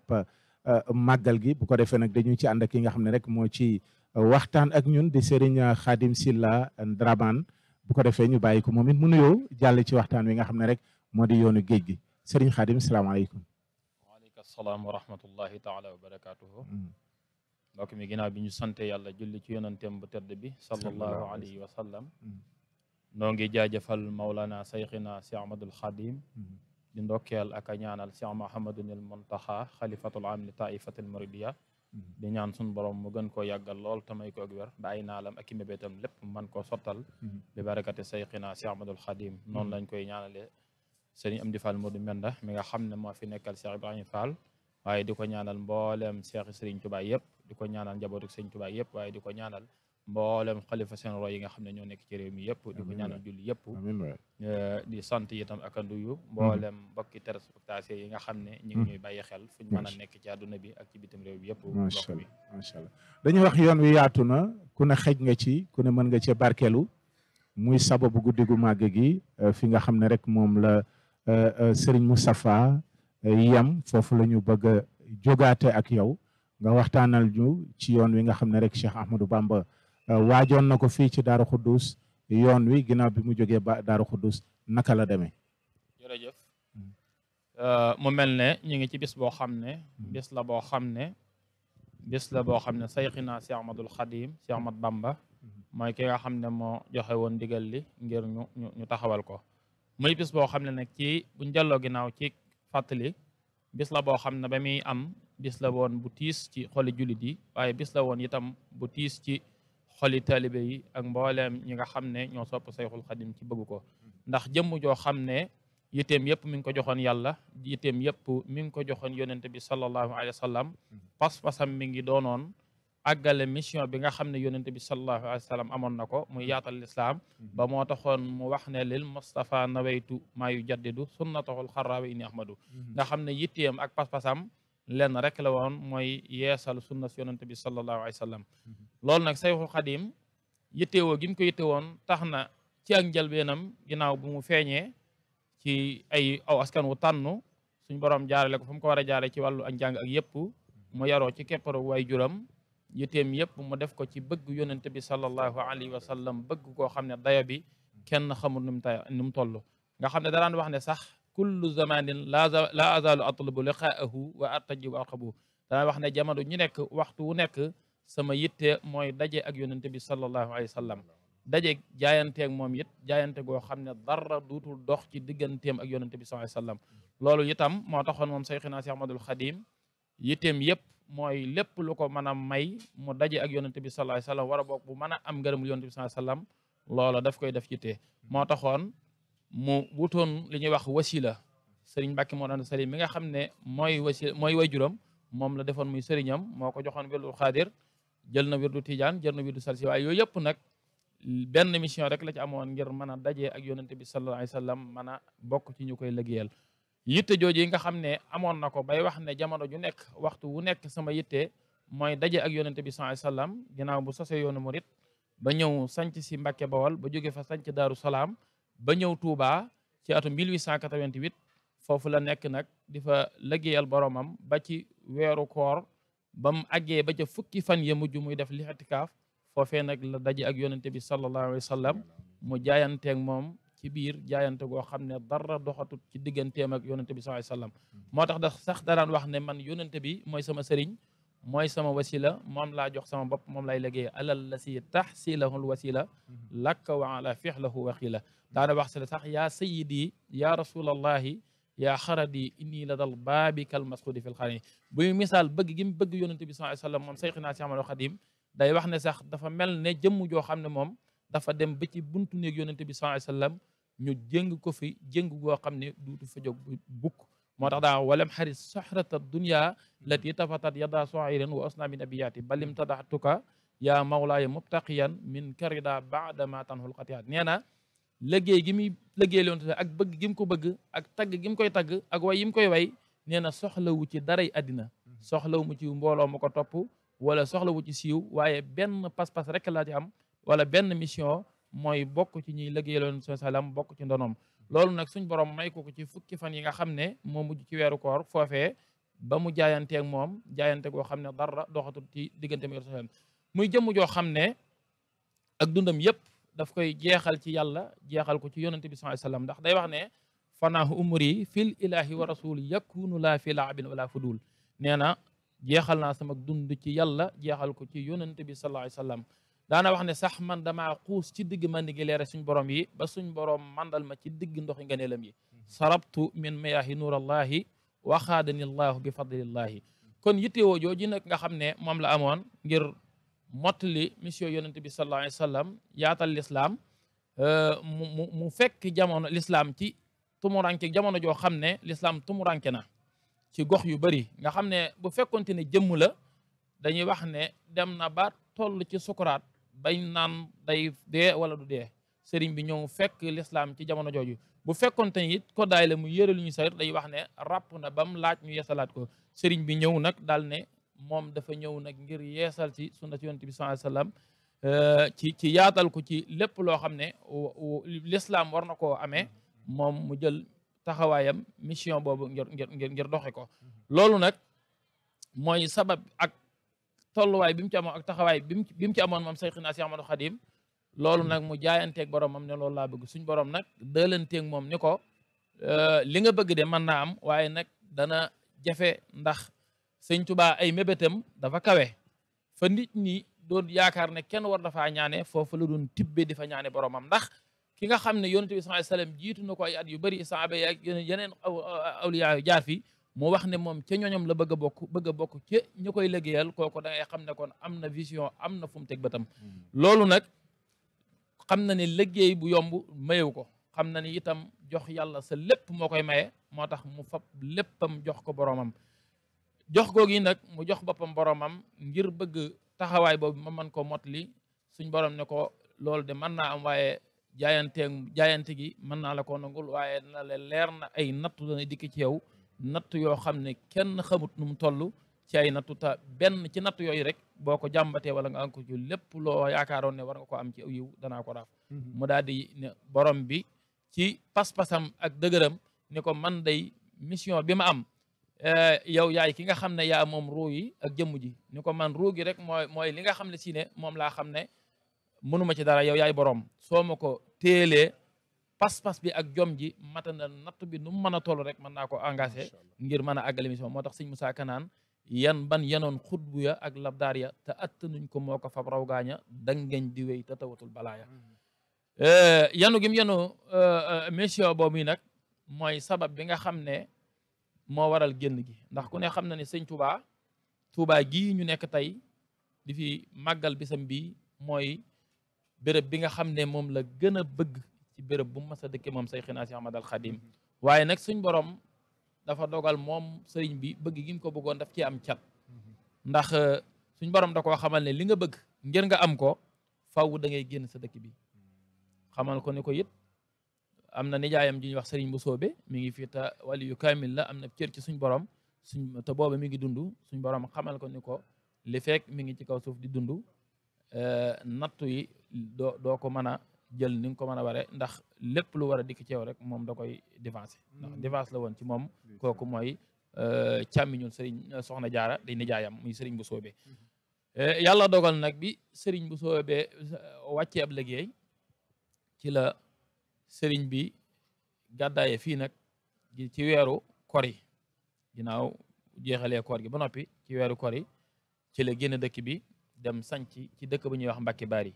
màggal gi bu ko defee nag dañu ci ànd ak ki nga xam ne rek moo ci waxtaan ak ñun di Serigne Khadim Silla draban bu ko defé ñu bayiko momit mu nuyo jall ci waxtaan wi nga xamne rek modi yoonu geej gi Serigne Khadim wa alayka assalam wa rahmatullahi taala wa barakatuh. Mm. mbokk mi ginnaaw bi ñu sante yalla julli ci yonentem bu tedd bi sallallahu alayhi wa sallam no ngi jaajeufal maulana sayxina si ahmadul khadim mm. di ndokkeel ak ñaanal si mahamadun al khalifatul xalifatul am taifatul muridiyah di ñaan suñu borom mu gën koo yàggal lool tamay ko ak wér ba ay naalam ak i mébétam lépp man koo sottal mhm. bi barakati sayxina si ahmadul xadim mhm. noonu lañ koy ñaanale sëriñ Amdi Fall Modou Mbenda mi nga xam ne moo fi nekkal Cheikh Ibrahima Fall waaye di ko ñaanal mbooleem Cheikh Sëriñ Tuubaa yëpp di ko ñaanal njabootu Sëriñ Tuubaa yëpp waaye di ko ñaanal mboolem xalifa généraux yi nga xamne ñoo nekk ci réew mi yépp di ko ñaanal julli euh di sant itam ak anduyu teras ak téléspectateurs yi nga xamne ñi ñuy bàyyi xel fuñ mëna a nekk ci aduna bi ak ci bitim réew bi yëpp mbokk bi allah dañu wax yoon wi yaatu na ku ne xej nga ci ku ne mën nga ci barkelu muy sababu guddi gu gi euh, fi nga xamne rek mom la euh, euh, Serigne mustafa yam fofu lañu bëgg a ak yow nga waxtanal ju ci yoon wi nga xamne rek Cheikh Ahmadou Bamba wajon nako fi ci daru khudus yoon wi ginaaw bi mu joge ba Daaru Xuddus naka la demee jërëjëf mu mel ne ngi ci bis bo xamne bis la bo xamne bis la bo xamne ne si Ahmadul khadim si Ahmad Bamba moy ki nga xamne mo joxe won digal li ngir ñu ñu taxawal ko muy bis bo xamne nak ci bu jàlloo ginaaw ci fatali bis la bo xamne ne am bis la won bu tiss ci xoli jullit yi bis la won itam bu tiss ci xoli taalibe yi ak mbooleem ñi nga xam ne ñoo sopp sayxul xadim ci bëgg ko ndax jëmm joo xam ne yitteem yëpp mi ngi ko joxoon yàlla yitteem yëpp mi ngi ko joxoon yonente bi sallallahu alayhi wa sallam mm-hmm. pas-pasam mi ngi doonoon àggale mission bi nga xam ne yonente bi sallallahu alayhi wa sallam amoon na ko muy yaatal lislaam mm-hmm. ba moo taxoon mu wax ne lil Mustafa nawaytu maa yu jaddidu sunnatahul xaraawi ini ahmadu mm-hmm. nga xam ne yitteem ak pas-pasam lenn rek la woon mooy yeesal sunna si yonante bi sallallahu alayhi wa sallam mm-hmm. loolu nag sayxu xadim yittewoo gi mu ko yitte woon tax na ci ak njëlbeenam ginaaw bu mu feeñee ci ay aw askan wu tànn suñ borom jaarale ko fu ko war a jaare ci wàllu ak njàng ak yëpp mm-hmm. mu yaroo ci kepparu waay juram yitteem yëpp mu def ko ci bëgg yonante bi sallallahu alayhi wa sallam bëgg koo xam ne dayo bi mm-hmm. kenn xamul nu mu tay mu toll nga xam ne daraan wax ne sax kullu zamanin laa azalu atlubu liqaahu wa artajibu arqabu dana wax ne jamono ñu nekk waxtu wu nekk sama yitte mooy daje ak yonente bi sallallahu alayhi wa sallam daje jaayanteeg moom yit jaayante goo xam ne dara duutul dox ci digganteem ak yonente bi sallallahu alayhi wa sallam loolu itam moo taxoon moom Seyxina Si Ahmadul Xadim yitteem yëpp mooy lépp lu ko mën may mu daje ak yonente bi sallallahu alayhi wa sallam bu mën a am ngërëmul yonente bi sallallahu alayhi wa sallam loola daf koy def yitte moo taxoon mu wutoon li ñuy wax wasila sëriñ Mbàkke moo daan sëriñ mi nga xam ne mooy wasila mooy waajuram moom la defoon muy sëriñam moo ko joxoon wirdu xaadir jël na wirdu tijaan jël na wirdu sarsi waaye yooyu yëpp nag benn mission rek la ci amoon ngir mën a dajee ak yonente bi sallallahu alayhi wa sallam mën a bokk ci ñu koy liggéeyal yitte jooju yi nga xam ne amoon na ko bay wax ne jamono ju nekk waxtu wu nekk sama yitte mooy daje ak yonente bi sallallahu alayhi wa sallam ginnaaw bu sosee yoonu murit ba ñëw sanc si Mbàkke Bawol ba jóge fa sanc Daaru Salaam ba ñëw Touba ci atum 1888 foofu la nekk nag di fa liggéeyal boromam ba ci weeru koor ba mu àggee ba ca fukki fan ya mujj muy def li itikaaf foofee nag la daje ak yonante bi sallallahu alayhi wa sallam mu jaayanteeg moom ci biir jaayante goo xam ne dara doxatut ci digganteem ak yonante bi sallallahu alayhi sallam moo tax da sax daraan wax ne man yonente bi mooy sama sëriñ mooy sama wasila moom laa jox sama bopp moom lay liggéey alal la si tahsilahul wasila lakka wa ala fixlahu waxila دانا بحصل صح يا سيدي يا رسول الله يا خردي اني لدى الباب كالمسخود في الخاني بوي مثال بغ جيم بغ يونس النبي صلى الله عليه وسلم مام شيخنا سي عمرو خديم داي واخني صح دا فا مل ني جيم جو خامني موم دا فا ديم بتي بونتو نيك يونس النبي صلى الله عليه وسلم ني جينغ كو في جينغ جو خامني دوتو فجو بوك موتاخ دا ولم حرس سحره الدنيا التي تفتت يدا صائر واصنع من نبيات بل امتدحتك يا مولاي مبتقيا من كردا بعد ما تنهو القتيات نينا léggéey gi muy liggéey loon ak bëgg gi mu ko bëgg ak tagg gi mu koy tagg ak way yi mu koy way nee na soxlawu ci daray àddina mhm. soxlawu mu ci mbooloo mu ko topp wala soxlawu ci siiw waaye benn pas-pas rek laa ci am wala benn mission mooy bokk ci ñuy liggéey loon sa salam bokk ci ndonoom mhm. loolu nag suñ borom may ko ko ci fukki fan yi nga xam ne moo mujj ci weeru koor foofee ba mu jaayanteeg moom jaayante goo xam ne dara doxatul ci diggante mi muy jëmm joo xam ne ak dundam yëpp daf koy jeexal ci yàlla jeexal ko ci yonente bi sallallahu alayhi wasallam ndax day wax ne fanaahu umri fil ilahi wa rasul yakunu laa fi laabin wala fudul nee na jeexal naa sama dund ci yàlla jeexal ko ci yonente bi sallallahu alayhi wasallam daana wax ne sax man damaa xuus ci digg mandi gi leere suñ borom yi ba suñ borom mandal ma ci digg ndoxi ngëneelam yi sarabtu min mayaahi nuurallahi waxaadani allahu bi fadlillahi kon yittewoo jooji nag nga xam ne la amoon ngir mottali mission yonent bi sallallahu alayhi wa sallam yaatal lislaam euh, mu mu fekk jamono lislaam ci tumuranke jamono joo xam ne lislaam tumuranke na ci gox yu bari nga xam ne bu fekkonte ne jëmm la dañuy wax ne dem na ba toll ci sukuraat bañ naan day dee wala du dee sëriñ bi ñëw fekk lislaam ci jamono jooju bu fekkonte ne it ko daay la mu yëre lu ñuy sarit dañuy wax ne ràpp na bam laaj ñu yesalaat ko sëriñ bi ñëw nag daal ne moom dafa ñëw nag ngir yeesal ci sunnat yonent bi sallallahu alayhi wasallam euh, ci ci yaatal ko ci lépp loo xam ne l'islam war na koo amee moom mu jël taxawaayam mission boobu ngir ngir ngir doxe ko loolu nag mooy sabab ak tolluwaay bi mu ci amoon ak taxawaay bi mu ci amoon moom Seyxinaa Si Ahmadu Xadim loolu nag mu jaayanteeg boromam ne loolu laa bëgg suñ borom nag dëlanteeg moom ni ko euh, li nga bëgg de mën naa am waaye nag dana jafe ndax sëñ tubaa ay mébétam dafa kawe fa nit ñi doon yaakaar ne kenn war dafaa ñaane foofu la doon tibbe di fa ñaane boromam ndax ki nga xam ne yonente bi sallallahu alayhi wasallam jiitu na ko ay at yu bëri saaba yaa yeneen awliya yu jaar fi moo wax ne moom ca ñooñom la bëgg a bokk bëgg a bokk ca ñu koy liggéeyal kooku da xam ne kon am na vision am na fu mu teg bëtam hmm. loolu nag xam na ne liggéey bu yomb mayew ko xam na ne itam jox yàlla sa lépp moo koy maye moo tax mu fab léppam jox ko boromam jox googu nag mu jox boppam boromam ngir bëgg taxawaay boobu ma mën ko motli suñ borom ne ko loolu de mën naa am waaye jaayante jaayante gi mën naa la ko nangul waaye na la leer na ay nattu dana dikk ci yow natt yoo xam ne kenn xamut nu mu toll ci ay nattu ta benn ci natt yooyu rek boo ko jàmbatee wala nga am ko ci lépp loo yaakaaroon ne war nga ko am ci aw yiw danaa ko raaf mhm. mu daal di ne borom bi ci pas-pasam ak dëgëram ni ko man day mission bi ma am Eh, yow yaay ki nga xamne ya mom ru yi ak jëm ji ni hamne man ru gi rek moy moy li nga xamne ci ne mom la xamne mënuma ci dara yow yaay borom so mako ko pass pas bi ak jom ji matana na bi nu mëna rek man nako angase engagé ngir mëna agal émission motax seigne Moussa Kanaan yan ban yanon khutbu ya ak labdar ya te attanuñ ko moko fab raw gaaña dangeñ di wey ta tawatul balaaya hmm. eh, yanu gim yanu eh, monsieur bobu nak moy sabab bi nga xamne moo waral génn gi ndax ku ne xam na ne sëñ Touba Touba gii ñu nekk tey di fi màggal bisam bi mooy béréb bi nga xam ne moom la gën a bëgg ci béréb bu mas a dëkke moom say xinaa si Ahmad al Xadim waaye nag suñ borom dafa dogal moom sëriñ bi bëgg gi mu ko bëggoon daf ci am cat ndax euh, suñ borom da koo xamal ne li nga bëgg ngir nga am ko faww dangay génn sa dëkk bi xamal ko ne ko it amna nijaayam ju wax Serigne musobe mi ngi fi ta wali yu kaamil la amna na cër ci suñ borom suñ ta bobu mi ngi dundu suñ borom xamal ko ni li fek mi ngi ci kaw suuf di dundu euh nattu yi do doo ko mën jël ni ko mën waré ndax lépp lu wara dik ci yow rek mom da koy défense ndax défense la won ci mom moom kooku mooy càmmiñul Serigne Soxna Jaara di nijaayam muy Serigne musobe euh yàlla dogal nak bi Serigne musobe waccé ab liggéey ci la sëriñ bi gàddaaye fii nag ci weeru kor yi ginnaaw jeexalee koor gi ba noppi ci weeru kor ci la génn dëkk bi dem sanc ci dëkk bu ñuy wax Mbàkke bari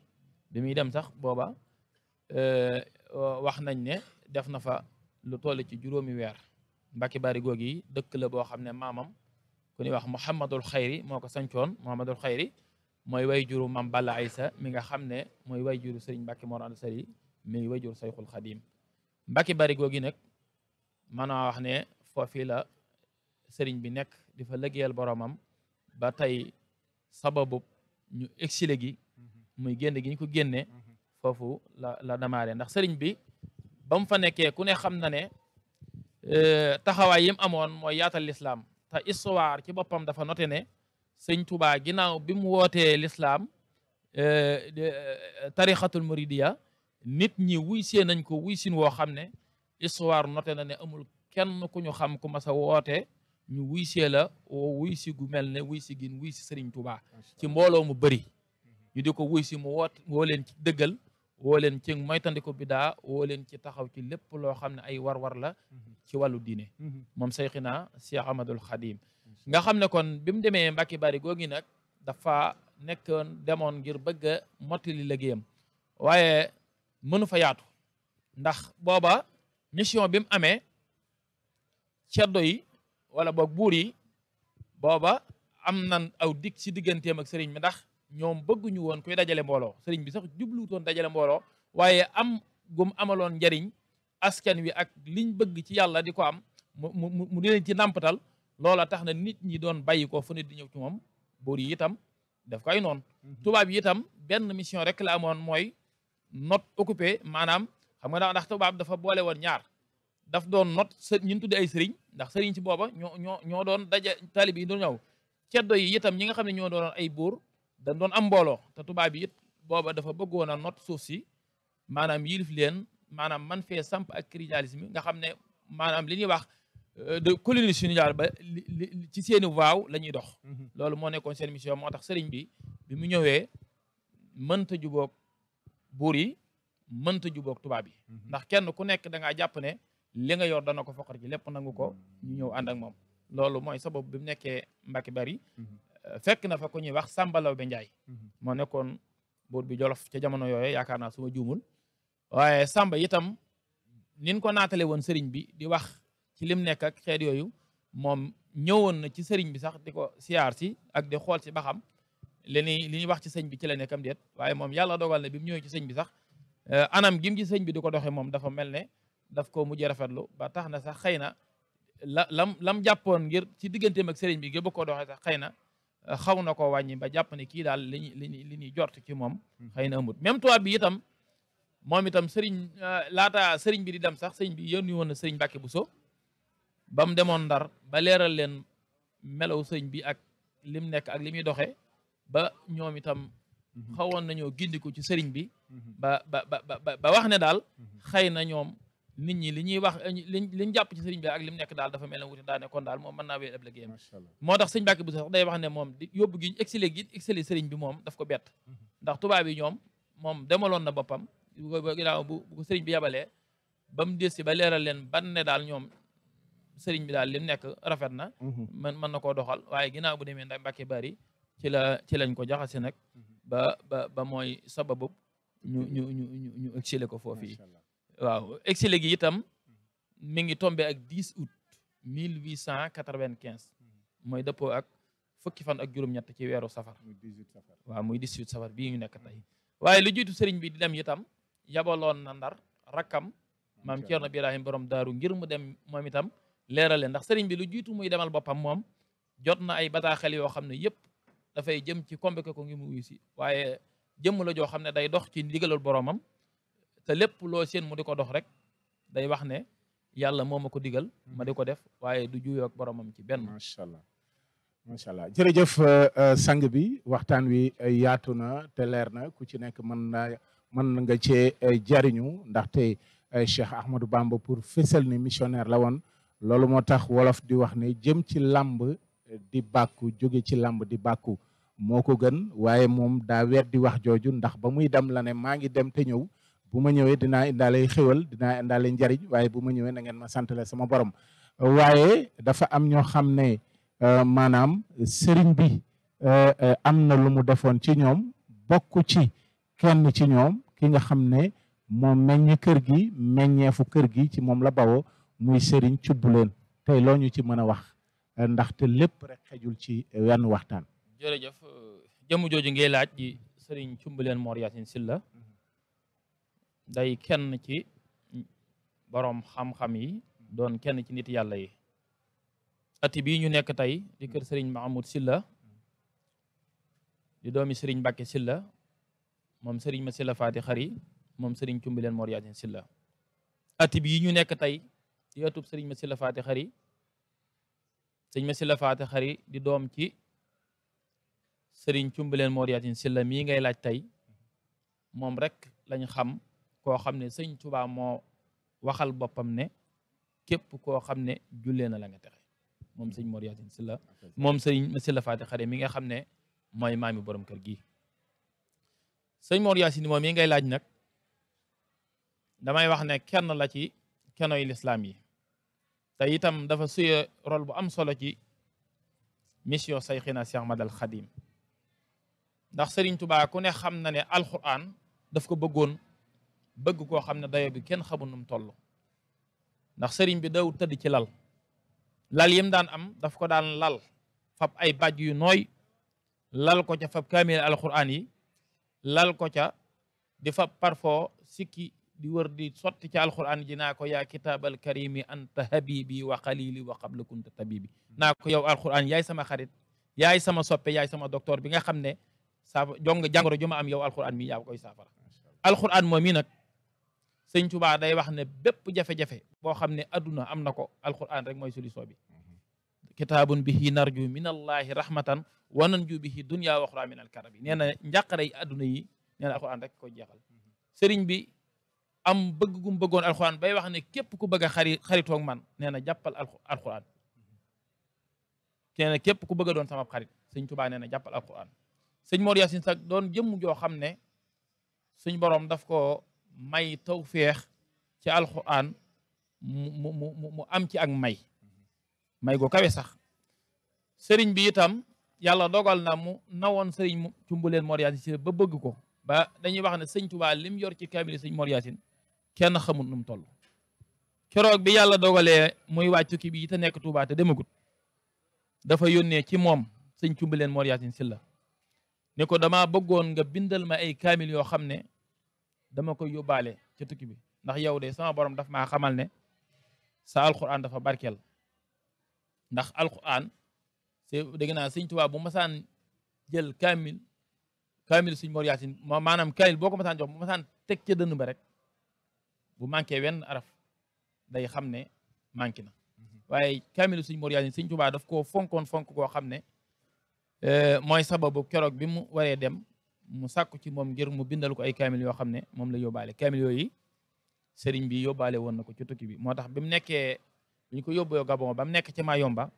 bi muy dem sax booba euh, wax nañ ne def na fa lu toll ci juróomi weer Mbàkke Baari googu yi dëkk la boo xam ne maamam ku ñuy wax Muhammadul Xayri moo ko sancoon Muhammadul Xayri mooy way juru maam Balla Aysa mi nga xam ne mooy way juru sëriñ Mbàkke Mor Anta mi wéjur sayxul xadim mbàkki bari googi nag mën naa wax ne foofii la sëriñ bi nekk di fa liggéeyal boromam ba tey sababu ñu exilé gi muy génn gi ñu ko génne foofu la la démarré ndax sëriñ bi ba fa nekkee ku ne xam na ne taxawaay yim amoon mooy yaatal lislaam te histoire ci boppam dafa noté ne sëñ Touba ginnaaw bi mu wootee lislaam tarixatul muridiya nit ñi wuy nañ ko wuy woo xam ne histoire noté na ne amul kenn ku ñu xam ku mas a woote ñu wuy la wuy si gu mel ne wuy si gin wuy si Sëriñ Tuubaa ci mbooloo mu bëri mhm. ñu di ko wuy si mu woot woo leen ci dëggal woo leen ci moytandiku bidaa wo leen ci taxaw ci lépp loo xam ne ay war-war la mhm. ci wàllu diine mhm. moom Seyxina Cheikh Ahmadul Xadim nga xam ne kon bi mu demee Mbàkke Bari gi nag dafa nekkoon demoon ngir bëgg a mottali liggéeyam mënu fa yaatu ndax booba mission bi amee ceddo yi wala boog buur yi booba am nan aw dig ci digganteem ak sëriñ bi ndax ñoom bëgguñu woon koy dajale mbooloo sëriñ bi sax jubluutoon dajale mbooloo waaye am gum amaloon njariñ askan wi ak liñ bëgg ci yàlla di ko am mu mu mu leen ci nàmpatal loola tax na nit ñi doon bàyyi ko fu nit di ñëw ci moom buur yi itam daf koy noonu mm-hmm. tubaab yi itam benn mission rek la amoon mooy not occupé maanaam xam nga ndax tubaab dafa boole woon ñaar daf doon not ñun tudde ay sëriñ ndax sëriñ si booba ñoo ñoo ñoo doon daja taalib yi doon ñëw ceddo yi itam ñi nga xam ne ñoo doon ay buur dañ doon am mbooloo te tubaab yi it booba dafa bëggoon a not suuf si maanaam yilif leen maanaam man fee samp ak christianisme nga xam ne maanaam li ñuy wax euh, de colonie sénégalaise ba ci seeni waaw la ñuy dox mhm. loolu moo nekkoon seen moo tax sëriñ bi bi mu ñëwee mënta jubóog buur yi mënta jubóog tubaab yi mhm. ndax kenn ku nekk da ngaa jàpp ne li nga yor dana ko foqar ci lépp nangu ko ñu ñëw ànd ak moom loolu mooy sababu bi mu nekkee Mbàkke Bari mhm. euh, fekk na fa ku ñuy wax Sàmba Lawbe Njaay mhm. moo nekkoon buur bi Jolof ca jamono yooyu yaakaar naa suma juumul waaye Sàmba yitam nin ko naatale woon sëriñ bi di wax ci lim nekk ak xeet yooyu moom ñëwoon na ci sëriñ bi sax di ko siyaar si ak di xool ci baxam leni li ñuy wax ci sëñ bi ci la nekkam deet waaye moom yàlla dogal na bi mu ñëwee ci sëñ bi sax euh, anam gim ci sëñ bi di ko doxee moom dafa mel ne daf ko mujj rafetlu ba tax na sax xëy na la lam lam jàppoon ngir ci digganteem ak sëriñ bi gëba koo doxee sax xëy na euh, xaw na koo wàññi ba jàpp ne kii daal liñu liñu li ñuy jort ci moom hmm. xëy na amut même toit bi itam moom itam sëriñ euh, laata sëriñ bi di dem sax sëriñ bi yónni woon na sëriñ Mbàkke Buso ba mu demoon ndar ba leeral leen melaw sëriñ bi ak lim nekk ak li muy doxee ba ñoom itam mhm. xawoon nañoo gindiku ci sëriñ bi mhm. ba ba ba wax ne daal mhm. xëy na ñoom nit ñi li ñuy wax liñ liñ jàpp ci sëriñ bi ak li mu nekk daal dafa mel ne wuti daa ne kon daal moom mën naa wéy ab liggéeyam moo tax sëñ bu wax ne moom di yóbbu gi exilé gi exilé sëriñ bi moom daf ko bett ndax tubaab yi ñoom moom demaloon na boppam ginnaaw bu ko sëriñ bi yabalee ba mu des si ba leeral leen ban ne daal ñoom sëriñ bi daal li nekk rafet na man mën na koo doxal waaye ginnaaw bu demee ndax Mbàkke bari ci la ci lañ ko jaxase nag mm-hmm. ba ba ba mooy sababu ñu ñu ñu ñu ñu exilé ko foofu yi waaw exilé gi itam mm-hmm. mi ngi tombé ak 10 août 1895 mm-hmm. mooy dëppoo ak fukki fan ak juróom-ñett ci weeru safar waaw muy 18 safar bii ñu nekk tey waaye lu jiitu seriñ bi di dem itam yabaloon na ndar rakkam maam Ceerno Birahim borom daaru ngir mu dem moom itam leerale ndax sëriñ bi lu jiitu muy demal boppam moom jot na ay bataaxel yoo xam ne yëpp dafay jëm ci kombe ko ngi mu wuyu si waaye jëmm la joo xam ne day dox ci ndigalal boromam te lépp loo seen mu di ko dox rek day wax ne yàlla moo ma ko digal ma di ko def waaye du juyoo ak boromam ci benn. macha allah macha allah jërëjëf euh, euh, sang bi waxtaan wi euh, yaatu na te leer na ku ci nekk mën na mën nga cee jariñu ndaxte Cheikh Ahmadou Bamba pour fésal ni missionnaire la woon loolu moo tax wolof di wax ne jëm ci làmb di bàkku jóge ci làmb di bakku moko gën waye mom da weddi wax joju ndax ba muy dam la ne ma ngi dem té ñew bu ma ñëwee dinaa indaale xéwal dinaa njariñ waye bu ma na ngeen ma santalé sama borom waye dafa am ño xamné euh manam sëriñ bi euh, euh, am amna lu mu defoon ci ñom bokku ci kenn ci ñom ki nga xamné ne moom meññ kër gi fu kër gi ci mom la bawo muy sëriñ cubbu leen tey ci mëna wax ndax ndaxte lepp rek xejul ci wenn waxtaan jërëjëf jëmm joju ngey laaj di serigne cumbaleen Mor yassine silla day kenn ci borom xam-xam yi doon kenn ci nit yalla yi ati bi ñu nekk tay di kër serigne Mahamoud silla di doomi serigne Mbàkke silla mom serigne ma Sylla Faati Xari moom sëriñ Mor yassine silla ati bi ñu nekk tay di atub sëriñ ma Sylla Faati Xari sëriñ ma Sylla di doom ci sëriñ cumbaleen Moriyatin Silla mi ngay laaj tay mom rek lañ xam ko xamne serigne touba mo waxal bopam ne kep ko xamne julena la nga texe moom sëñ Moriyatin Silla serigne sëriñ Silla fatih Xare mi nga xamne moy mooy borom kër gi sëñ Moriyatin mom mi ngay laaj nak damay wax ne kenn la ci kenoy l'islam yi te itam dafa suye rôle bu am solo ci mission sayxina Cheikh Madal khadim ndax sëriñ Touba ku ne xam na ne alxuraan daf ko bëggoon bëgg koo xam ne dayo bi kenn xamul nu mu toll ndax sëriñ bi daw tëdd ci lal lal yim daan am daf ko daan lal fab ay bàjj yu nooy lal ko ca fab kaamil alxuraan yi lal ko ca di fab parfo sikki di wër di sotti ci alxuraan ji naa ko yaa kitaabal karimi anta habibi wa xalili wa qabla kunt tabibi naa ko yow alxuraan yaay sama xarit yaay sama soppe yaay sama docteur bi nga xam ne saafa jom nga jàngoro ju ma am yow alxuraan mi yaa koy saafara alxuraan moom mi nag sëñ Tuubaa day wax ne bépp jafe-jafe boo xam ne am na ko rek mooy solution bi kitaabun bihi narju min allahi rahmatan wa nanju bihi dunya wa uxra min alkarabi nee na njàqare yi adduna yi nee na alxuraan rek koy jeexal sëriñ bi am bëgg gum bëggoon alxuraan bay wax ne képp ku bëgg a xari xaritoog man nee jàppal alxuraan nee képp ku bëgg doon sama xarit sëñ Tuubaa nee jàppal alxuraan sëñ Mor sag Seck doon jëmm joo xam ne suñ borom daf ko may feex ci alxuraan mu mu am ci ak may may gu kawe sax sëriñ bi itam yàlla dogal na mu nawoon sëriñ cumbuleen Mor Yacine si ba bëgg ko ba dañuy wax ne sëñ Tuubaa lim yor ci kaamil sëñ Mor Yacine kenn xamul nu mu toll keroog bi yàlla dogalee muy wàccu ki bi te nekk Tuubaa te demagut dafa yónnee ci moom sëñ cumbuleen Mor Yacine si la ne ko damaa bëggoon nga bindal ma ay kamil yoo xam ne dama koy yóbbaale ca tukki bi ndax yow de sama borom daf maa xamal ne sa alquran dafa barkel ndax alquran c'est dégg naa sëñ Tuubaa bu masaan jël kamil kamil suñ Mor Yaasin maanaam kamil boo ko masaan jox bu masaan teg ca dënn ba rek bu manqué wenn araf day xam ne manqué na waaye kamil suñ Mor Yaasin sëñ Tuubaa daf koo fonkoon fonk koo xam ne moy sababu kérok bi mu waré dem mu sàkku ci mom ngir mu bindal ko ay kamil yo xamné mom la yobalé kamil yo yi sëriñ bi yobalé won nako ci tukki bi motax bimu nekké mu ñu ko yobbo Gabon bam nekk ci Mayomba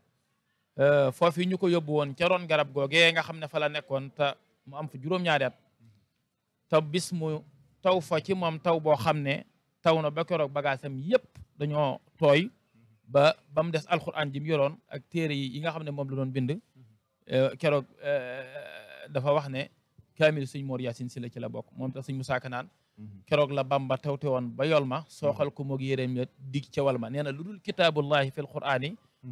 fofu ñu ko yóbbu won ci ron garab goge nga xamné fa la nekkon ta mu am fu juróom-ñaari at ta bis mu taw fa ci mom taw bo xamné ne taw na ba kérok bagasam yëpp dañoo toy ba bam dess des alxuraan yoron ak téré yi nga xamné mom la doon bind keroog dafa wax ne kaamilu sëñ Mor Yaasin si la ci la bokk moom tax sëñ Musaa Ka naan keroog la bamba tawte woon ba yol ma sooxal ko moog yéreem ya dig ca wal ma nee na lu dul kitaabullahi fil quraani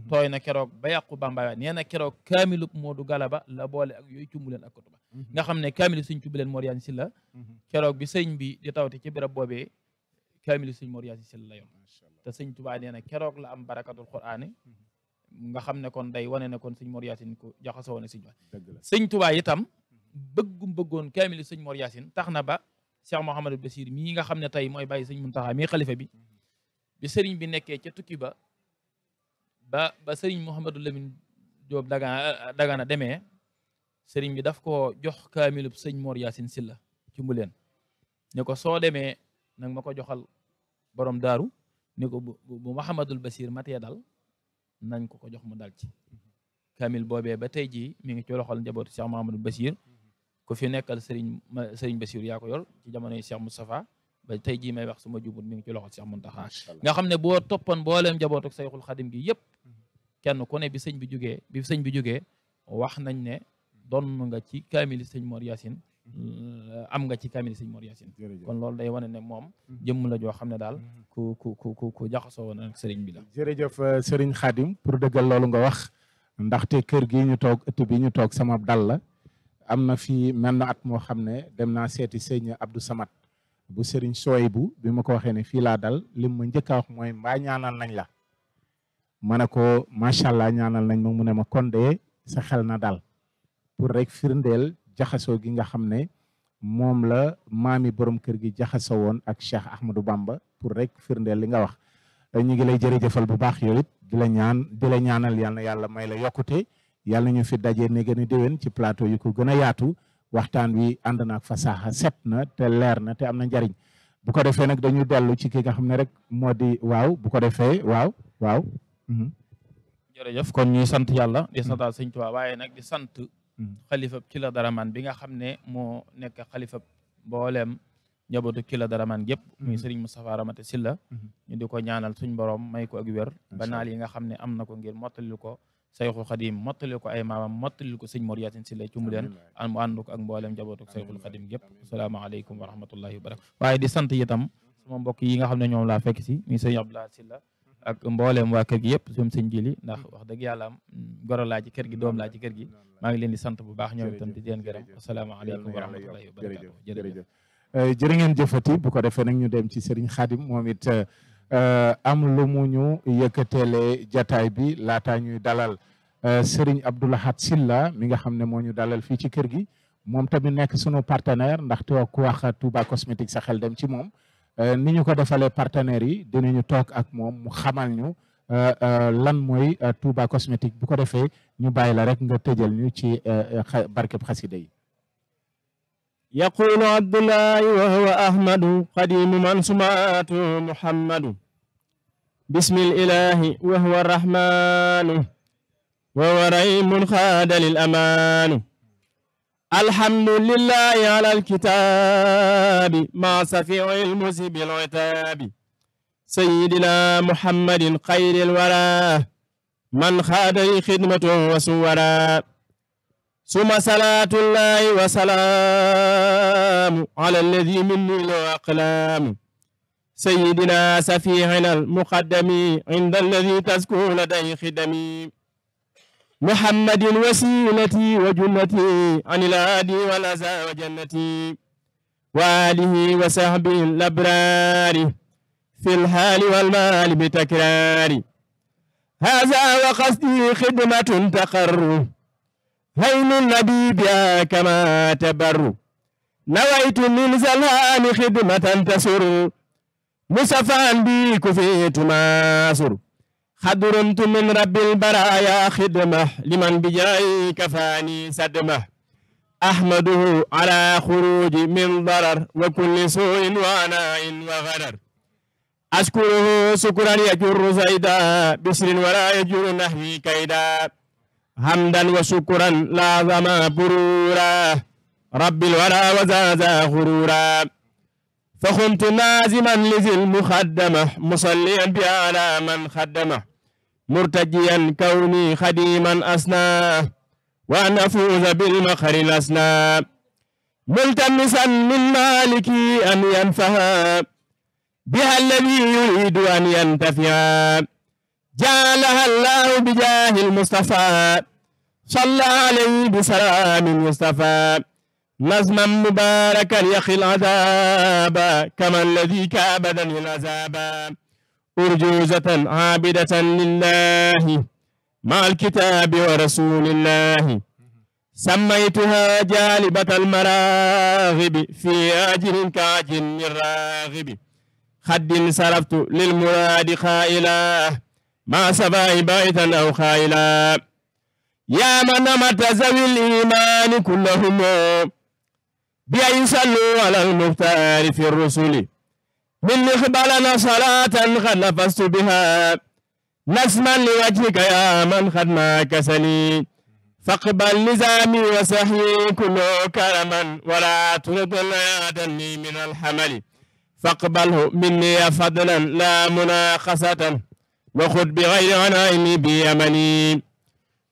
tooy na keroog ba yàqu bamba nee na keroog kaamilu Moodu Galaba la boole ak yooyu cumbuleen ak kutuba nga xam ne kaamilu sëñ cumbuleen Mor Yaasin la keroog bi sëñ bi di tawte ci béréb boobee kaamilu sëñ Mor Yaasin la la yoon te sëñ Tuubaa nee la am barakatul quraani nga xam ne kon day wane ne kon sëñ Mor Yacine ku jaxasoo na si ñoom. sëñ Touba itam bëggum bëggoon kaamil sëñ Mor Yacine tax na ba Cheikh Mouhamadou Bassir mii nga xam ne tey mooy bàyyi sëñ Mountakha mii bi bi sëriñ bi nekkee ca tukki ba ba ba sëriñ Mouhamadou Lamine Diop Dagana Dagana demee sëriñ bi daf koo jox kaamilub sëñ Mor Yacine Sylla ci mbuleen ne ko soo demee nag ma joxal borom daaru ne ko bu bu Bassir matee dal nañ ko ko jox mu dal ci kaamil boobee ba tey jii mi ngi ci loxol njabootu Cheikh Mahamadou Bachir ku fi nekkal Serigne Serigne Bachir yaa ko yor ci jamonoy Cheikh Moustapha ba tey ji may wax suma jubut mi ngi ci loxol Cheikh Mountakha nga xam ne boo toppoon booleem njabootu Sayxul Xadim gi yëpp kenn ku ne bi sëñ bi jógee bi sëñ bi jógee wax nañ ne doon nga ci kaamil Sëñ Mor Yaasin Euh, am nga ci kaamil seigne Mor yassine kon lolou day wone ne mom mm-hmm. jëm la jo xamne dal mm-hmm. ku ku ku ku ku jaxasoo woon ak seigne bi la jërëjëf euh, seigne Khadim pour deugal lolou nga wax ndaxte keur gi ñu tok eut bi ñu tok sama dal la amna fi melna at mo xamne dem na seeti seigne Abdou Samad bu sering soyebu Bima ko waxe ne fi la dal lim ma njëkk wax moy mbaa ñaanal nañ la manako machallah ñaanal nañ mo mu ne ma kon sa xel na dal pour rek firndel jaxaso gi nga xamne ne la mami borom kër gi jaxasoo ak Cheikh Ahmadou Bamba pour rek firndeel li nga wax euh, ñi ngi lay jërëjëfal bu baax yoyit dila ñaan dila ñaanal yalla yalla may la yokuté yalla ñu fi dajé ne gëna a ci plateau yu ko gëna yaatu waxtaan wi andana naag fasaha setna te na te amna na bu ko défé nak dañu dellu ci ki nga xamne rek modi di bu ko defee waw hmm, jërëjëf kon ñuy sant yalla di sant señ tuba waye nak di sant xalifab Killa Daraman bi nga xam ne moo nekk xalifab mbooleem njabootu Killa Daraman gépp muy Serigne Moustapha Ramate Silla ñu di ko ñaanal suñ borom may ko ak wér ba naal yi nga xam ne am na ko ngir mottalil ko sayxu xadim mottalil ko ay maamam mottalil ko sëñ Mor Yaasin Silla ci mu leen an mu ànd ko ak mbooleem njabootu sayxul xadim gépp asalaamaaleykum wa rahmatullahi wa barakatu waaye di sant itam sama mbokk yi nga xam ne ñoom laa fekk si muy sëñ Abdoulaye Silla ak mbollem wa kër gi yëpp ñoom sëñ jili ndax wax dëgg yalla mm, goro la ci kër gi doom la ci kër gi ma ngi leen di sant bu baax ñoom itam di leen gërëm alaykum wa rahmatullahi wa barakatuh jërëjëf eh, ngeen jëfati bu ko defee nak ñu dem ci sëriñ khadim momit euh eh, am lu mu ñu yëkkateele jataay bi laataa ñuy dalal eh, sëriñ Abdullah Lahad Silla mi nga xam mo ñu dalal fi ci kër gi mom tamit nek suñu partenaire ndax te ku wax Touba Cosmétique sa xel dem ci mom Eh, Ninyu ko defale partenaire yi dinañu tok ak mom mu xamal ñu euh euh lan moy eh, Touba cosmétique bu ko defé ñu bayila rek nga tejeel ñu ci eh, barke khasside yi yaqulu abdullahi wa huwa ahmad qadim man sumatu muhammad بسم الإله وهو الرحمن وهو ريم خاد amanu الحمد لله على الكتاب مع سفيع المزي بالعتاب سيدنا محمد خير الورى من خاد خدمة وسورا ثم صلاة الله وسلام على الذي مني الأقلام سيدنا سفيعنا المقدم عند الذي تزكو لديه خدمي محمد وسيلتي وجنتي عن الهادي والأزى وجنتي وآله وصحبه الأبرار في الحال والمال بتكرار هذا وقصدي خدمة تقر هين النبي بها كما تبر نويت من زلان خدمة تسر مصفى بي كفيت ماسر خدرنت من رب البرايا خدمة لمن بجاي كفاني سدمة أحمده على خروج من ضرر وكل سوء وعناء وغرر أشكره شكرا يجر زيدا بسر ولا يجر نهي كيدا حمدا وشكرا لازم برورا رب الورى وزازا غرورا فخنت نازما لذي المخدمة مصليا بأعلى من خدمه مرتجيا كوني خديما أسنى وأن أفوز بالمخر الأسنى ملتمسا من مالكي أن ينفها بها الذي يريد أن ينتفع جعلها الله بجاه المصطفى صلى عليه بسلام المصطفى نظما مباركا يخي العذاب كما الذي كابدني العذاب أرجوزة عابدة لله مع الكتاب ورسول الله سميتها جالبة المراغب في أجر كأجر الراغب خد سرفت للمراد خائلا ما سبع بيتا أو خائلا يا من مت ذوي الإيمان كلهم بأن صلوا على المختار في الرسل من اقبلنا صلاة قد لفظت بها نسما لوجهك يا من قد ما فاقبل نزامي وسحي كله كرما ولا ترد يدني من الحمل فاقبله مني فضلا لا مناقصة وخذ بغير عنائي بيمني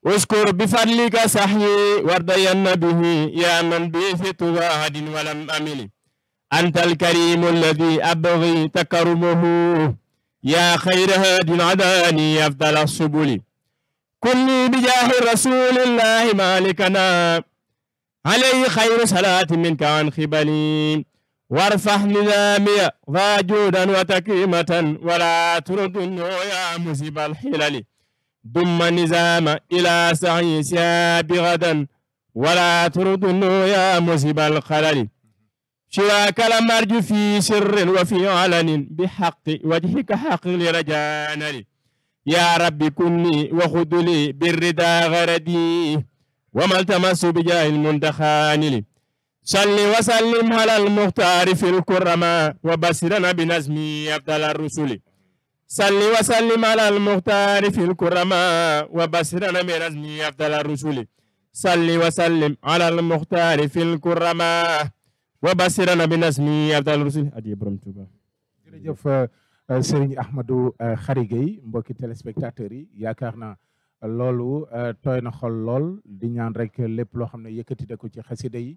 اذكر بفضلك سحي وارضين به يا من به في ولم أملي أنت الكريم الذي أبغي تكرمه يا خير هاد عداني أفضل السبل كلي بجاه رسول الله مالكنا عليه خير صلاة منك عن خبلي وارفع نظامي ذا جودا ولا ترد يا مزيب الحلل دم نظام إلى سعي سياب غدا ولا ترد يا مزيب الخلل شراك المرج في سر وفي علن بحق وجهك حق لرجانني يا ربي كني وخذ لي بالرضا غردي وما التمس بجاه المندخان صل وسلم على المختار في الكرماء وبشرنا بنزم أفضل الرسل صل وسلم على المختار في الكرماء وبشرنا بنزم أفضل الرسل صل وسلم على المختار في الكرماء wa basirana bi nasmi abdal rusul adiye borom Tuuba jërëjëf euh, Serigne Ahmadou euh, Khary Gueye mbokki téléspectateurs yi yaakaar naa euh, loolu na xol lool di ñaan rek lépp loo xam ne yëkkati da ko ci xasida yi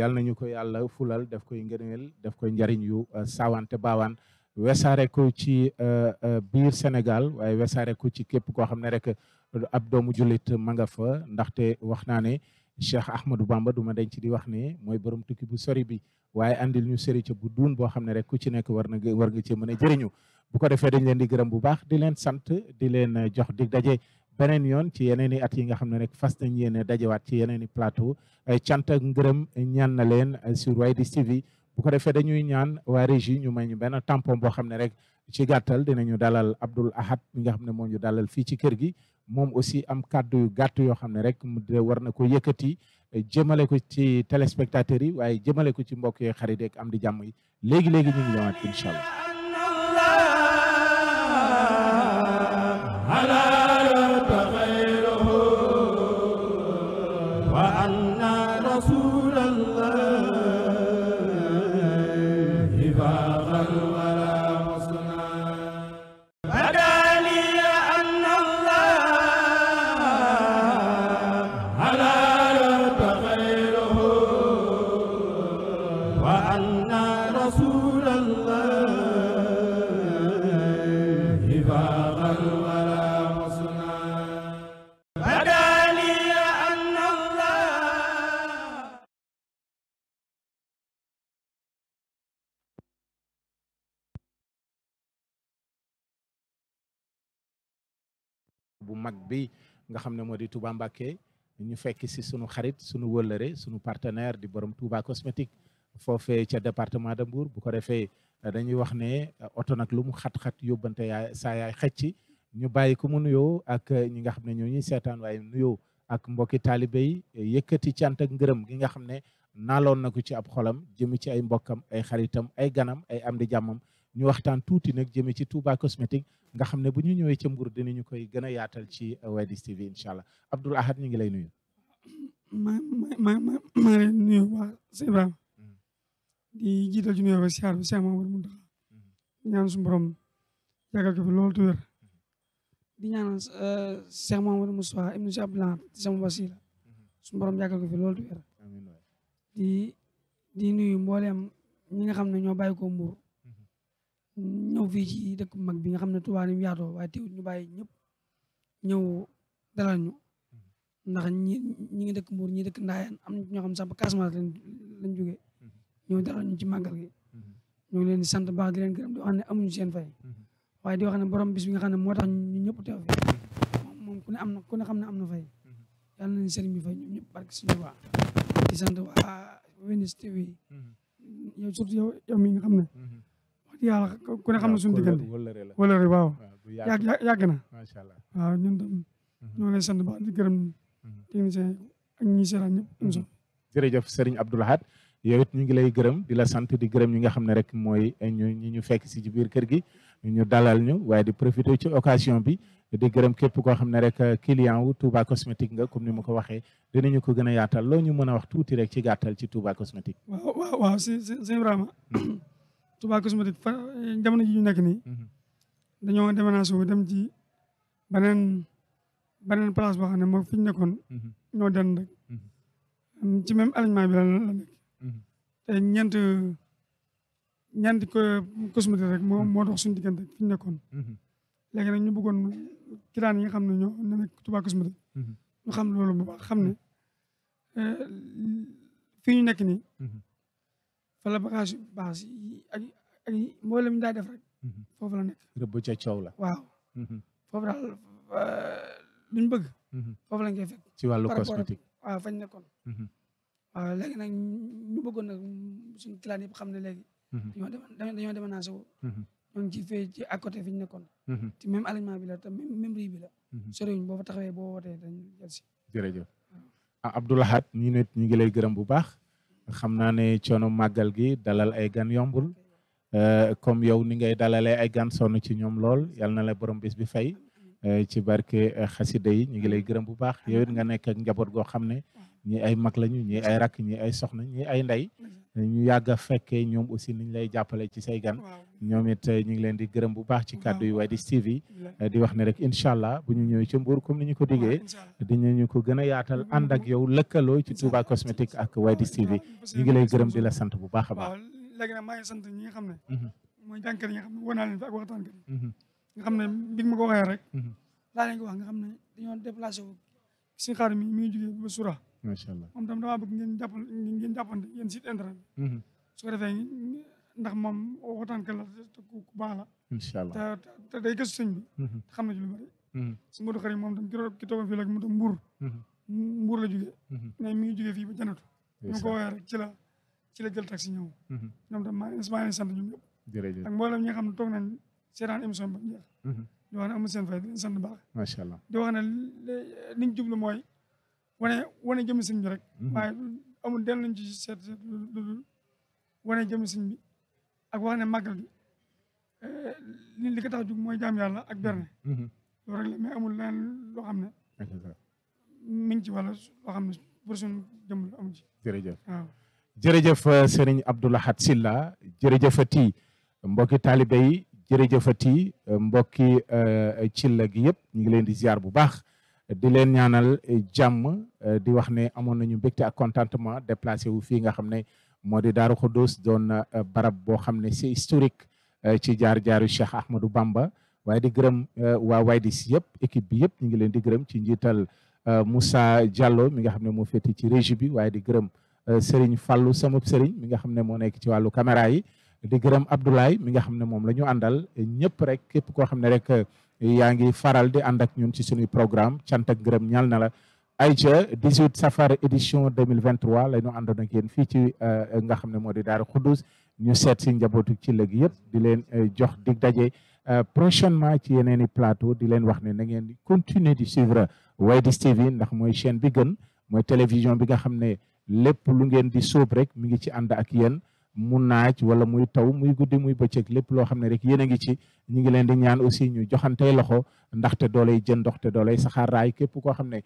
yàlla nañu ko yàlla fulal daf koy ngëneel def koy njariñ yu saawante baawaan wesaare ko ci biir Sénégal waaye wesaare ko ci képp koo xam ne rek ab doomu jullit ma fa ndaxte wax naa ne Cheikh Ahmadou Bamba duma ma denc di wax ne mooy borom tukki bu sori bi waaye andil ñu sori ca bu duun boo xam ne rek ku ci nekk war na war nga cee mën a jëriñu bu ko defee dañ leen di gërëm bu baax di leen sant di leen eh, jox dig daje beneen yoon ci yeneen i at yi nga xam ne rek fas nañ yéene dajewaat ci yeneen i plateau eh, cant ak ngërëm eh, ñaan na leen sur Widish TV bu ko defee dañuy ñaan waa régie ñu may ñu benn tampon boo xam ne rek ci gàttal ñu dalal Abdoul Ahad mi nga xam ne moo ñu dalal fii ci kër gi moom aussi am kàddu yu gàtt yoo xam ne rek war na ko yëkkati eh, jëmale ko ci téléspectateurs yi waaye jëmale ko ci mbokk yi xarit ak am di jàmm yi léegi léegi ñu ngi ñëwaat mag bi nga xamne modi Touba mbake ñu fekk ci sunu xarit sunu wëllëre sunu partenaire di borom Touba cosmétique fofé ci département de Mbour bu ko défé dañuy wax né auto nak lu mu xat-xat yobante yaay sa yaay xëcc ñu bayyi ku mu nuyo ak ñi nga xamne ne ñoo ñuy seetaan waaye ak mbokki talibé yi yëkkati cant ak ngërëm gi nga xamne nalon nako ci ab xolam jëm ci ay mbokam ay xaritam ay ganam ay am di ñu waxtaan tuuti nag jëme ci Touba Cosmetics nga xam ne bu ñu ñëwee ca Mbour dinañu koy gën a yaatal ci euh, Wadis TV incha allah Abdoul Ahad ñu ngi lay nuyu. ma ma ma ma ma leen nuyu waa Sèye Ibrahima di jiital ci nuyoo ba siyaar bi siyaar Mamadou Mountakha ñaan suñu borom yàggal ko fi loolu tu wér di ñaanal euh, Cheikh Mamadou Moustapha Ibn Cheikh Abdoul di sama wasila suñu borom yàggal ko fi loolu tu wér di di nuyu mbooleem ñi nga xam ne ñoo bàyyi ko Mbour ñëw fii ci dëkk mag bi nga xam ne Tuubaa ni mu yaatoo waaye teewut ñu bàyyi ñëpp ñëw ñu ndax ñi ñi ngi dëkk Mbuur ñi dëkk Ndaayaan am na ñoo xam ne sax ba Casamance lañ lañ jógee ñëw dalal ñu ci gi ñu ngi leen di sant baax di leen gërëm di wax ne amuñu seen fay waaye di wax ne borom bis bi nga xam ne moo tax ñu ñëpp teew fi moom ku ne am ku ne xam ne am na fay yàlla nañ sëriñ bi fay ñoom ñëpp barke suñu waa di sant waa Winis TV surtout yow yow xam ne yàlla ku ne xam na suñu diggante wala waaw ñun mhm. ñoo lay sant ba di gërëm mhm. technicien ak ñi seetaan ñëpp am sëriñ Abdou yow it ñu ngi lay gërëm di la sant di gërëm ñi nga xam ne rek mooy ñu ñu fekk si ci biir kër gi ñu dalal ñu waaye di profité ci occasion bi di gërëm képp koo xam ne rek client wu Touba cosmétique nga comme ni ma ko waxee dinañu ko gën a yaatal loo ñu mën a wax tuuti rek ci gàttal ci Touba cosmétique waaw waaw waaw Touba Cosmotique fa eh, jamono ji ñu nekk nii. Mhm. dañoo déménagé wu dem ci beneen beneen place boo xam ne moo fi nekkoon. Mhm. ñoo den rek. Mhm. Mm, ci même alignement bi la la nekk. te ñeent ñeent Cosmotique rek moo moo dox suñu diggante fi ñu nekkoon. léegi nag ñu buggoon kilaan yi xam ne ñoo nekk Touba Cosmotique. ñu xam loolu bu xam ne eh, fii ñu nekk nii. fala bagage baax yi ak ak mboolem ñu daa def rek mhm. fofu la nekk rëbb ci ciow la waaw mhm. foofu daal euh, luñ bëgg mhm. fofu la ngay fekk ci walu cosmétique waaw fañ nekkoon waaw léegi nak ñu bëggon nak suñu client yëpp xam ne léegi dañoo dem dañoo déménagé wu ñu ngi ci fee ci à côté fiñ nekkon nekkoon te même alignement bi la te même même riz bi la sëriñ bo fa taxawé bo woté dañu jël ci jërëjëf ah Abdou ñi nit ñi ngi lay gërëm bu baax xam naa ne coono màggal gi dalal ay gan yombul euh, comme yow ni ngay dalalee ay gan sonn ci ñoom lool yal na la borom bis bi fay euh, ci barke euh, xasida yi ñu ngi lay gërëm bu baax yow it nga nekk ak njaboot goo xam ne ñii ay mag lañu ñii ay rakk ñii ay soxna ñii ay ndey mhm. ñu yàgg a fekkee ñoom aussi niñ lay jàppale ci say gan ñoom eh, leen di gërëm bu baax ci kàddu yu Widish eh, TV di wax ne rek incha allah bu ñu ci Mbour comme ni ko diggee dinañu ko gën a yaatal mhm. ànd ak yow lëkkaloo ci Touba Cosmétique ak Widish TV ñu gërëm di la sant bu baax a baax. waaw léegi nag maa ngi sant ñi nga xam ne. Mhm. mooy jànkale yi ma ko waxee rek. laa leen wax nga xam ne dañoo si xaar mi mi ngi jógee ba Sura macha allah moom tam damaa bëgg ngeen jàpp ngeen jàppante yéen site internet bi. Mhm. su ko defee ndax moom waxtaan ka la ku baax la. incha allah te te day gëstu sëñ bi. Mhm. te xam na ci lu bëri. Mhm. su Modou Khari moom tam ki toogoon fii léegi mu tam mbuur. mbuur la jógee. mais mi ngi jógee fii ba janatu. ñu ko woowee rek ci la ci la jël taxi ñëw. ñoom tam maa ngi sant ñoom ñëpp. jërëjëf ak mboolem ñi xam ne toog nañ seetaan émission ba mu jeex. di wax ne amul seen fay sant baax. macha allah di wax ne li jublu mooy wane wane jëmi sëñ bi rek. Mhm. waaye amul den lañ ci seet seet lu wane jëmi sëñ bi ak wax ne màggal gi eh, li li tax a jug mooy jaam yàlla ak berne. Mhm. Mhm. loolu rek la amul leneen loo xam ne. mi ngi ci wàllu loo xam ne pour suñu jëm la amu ci. jërëjëf waaw. jërëjëf euh, Serigne Abdou Lahad Sylla jërëjëfati euh, mbokki taalibe yi jërëjëfati euh, mbokki Sylla gi yëpp ñu ngi leen di ziar bu baax. di leen ñaanal eh, jàmm eh, di wax ne amoon nañu mbégte ak contentement déplacé wu fii nga xam ne moo di Daaru Xuddus doon eh, barab boo xam ne c'est historique ci jaar-jaaru Cheikh Ahmadou Bamba waaye di gërëm waa Widish yëpp équipe bi yëpp ñu ngi leen di gërëm ci njiital Moussa Diallo mi nga xam ne moo féete ci régie bi waaye di gërëm Serigne fallu sama Serigne mi nga xam ne moo nekk ci wàllu caméra yi di gërëm Abdoulaye mi nga xam ne moom la ñu àndal ñëpp rek képp koo xam ne rek yaa ngi faral di ànd ak ñun ci suñuy programme cant ak ngërëm ñal na la ayca 18 safar édition 2023 la ñu àndoon ak yéen fii ci euh, nga xam ne moo di Daaru Xuddus ñu seet si njabootu ci léegi yëpp di leen euh, jox dig daje euh, prochainement ci yeneen i plateau di leen wax ne na ngeen di continuer di suivre Widish TV ndax mooy chaîne bi gën mooy télévision bi nga xam ne lépp lu ngeen di sóob rek mi ngi ci ànd ak yéen mu naaj wala muy taw muy guddi muy bëccëg lépp loo xam ne rek yéen a ngi ci ñu ngi leen di ñaan aussi ñu joxante loxo ndaxte doolay jën ndoxte doolay saxaar raay képp koo xam ne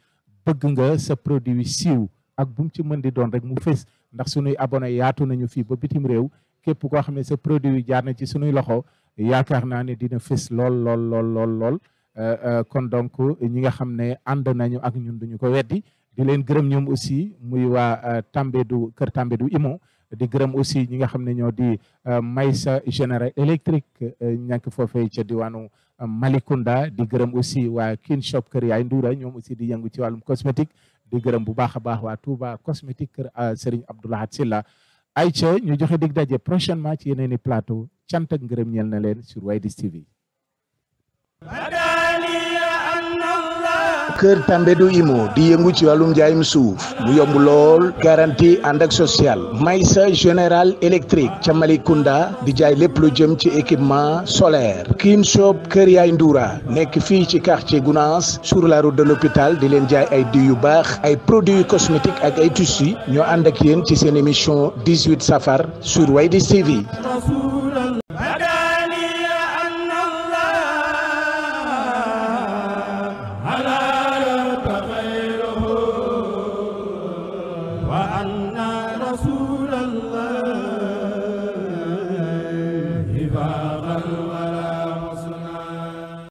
bëgg nga sa produit siiw ak bu mu ci mën di doon rek mu fës ndax sunuy abonné yaatu nañu fii ba bitim réew képp koo xam ne sa produit jaar na ci sunuy loxo yaakaar naa ne dina fës lool lool lool lool lool euh, euh, kon donc ñi nga xam ne ànd nañu ak ñun duñu ko weddi di leen gërëm ñoom aussi muy waa euh, Tambédou kër Tambédou Imo di gërëm aussi ñi nga xam ne ñoo di euh, Maysa général électrique euh, ñàkk foofee ca diwaanu euh, Malikunda di gërëm aussi waa Kin Shop kër yaay Nduura ñoom aussi di yëngu ci wàllum cosmétique di gërëm bu baax a baax waa Touba cosmétique kër Serigne Abdoulahat Silla ayca ñu joxe dig daje prochainement ci yeneeni plateau cant ak ngërëm ñel na leen sur Widish TV kër Tambédou Imo di yëngu ci wàllum njaayum suuf mu yomb lool garanti ànd ak social may général électrique ca Malicounda di jaay lépp lu jëm ci équipement solaire Kim Shop kër yaay nduura nekk fii ci quartier Gounass sur la route de l'hôpital di leen jaay ay diw yu baax ay produits cosmétiques ak ay tissus ñoo ànd ak yéen ci seen émission 18 safar sur Widish TV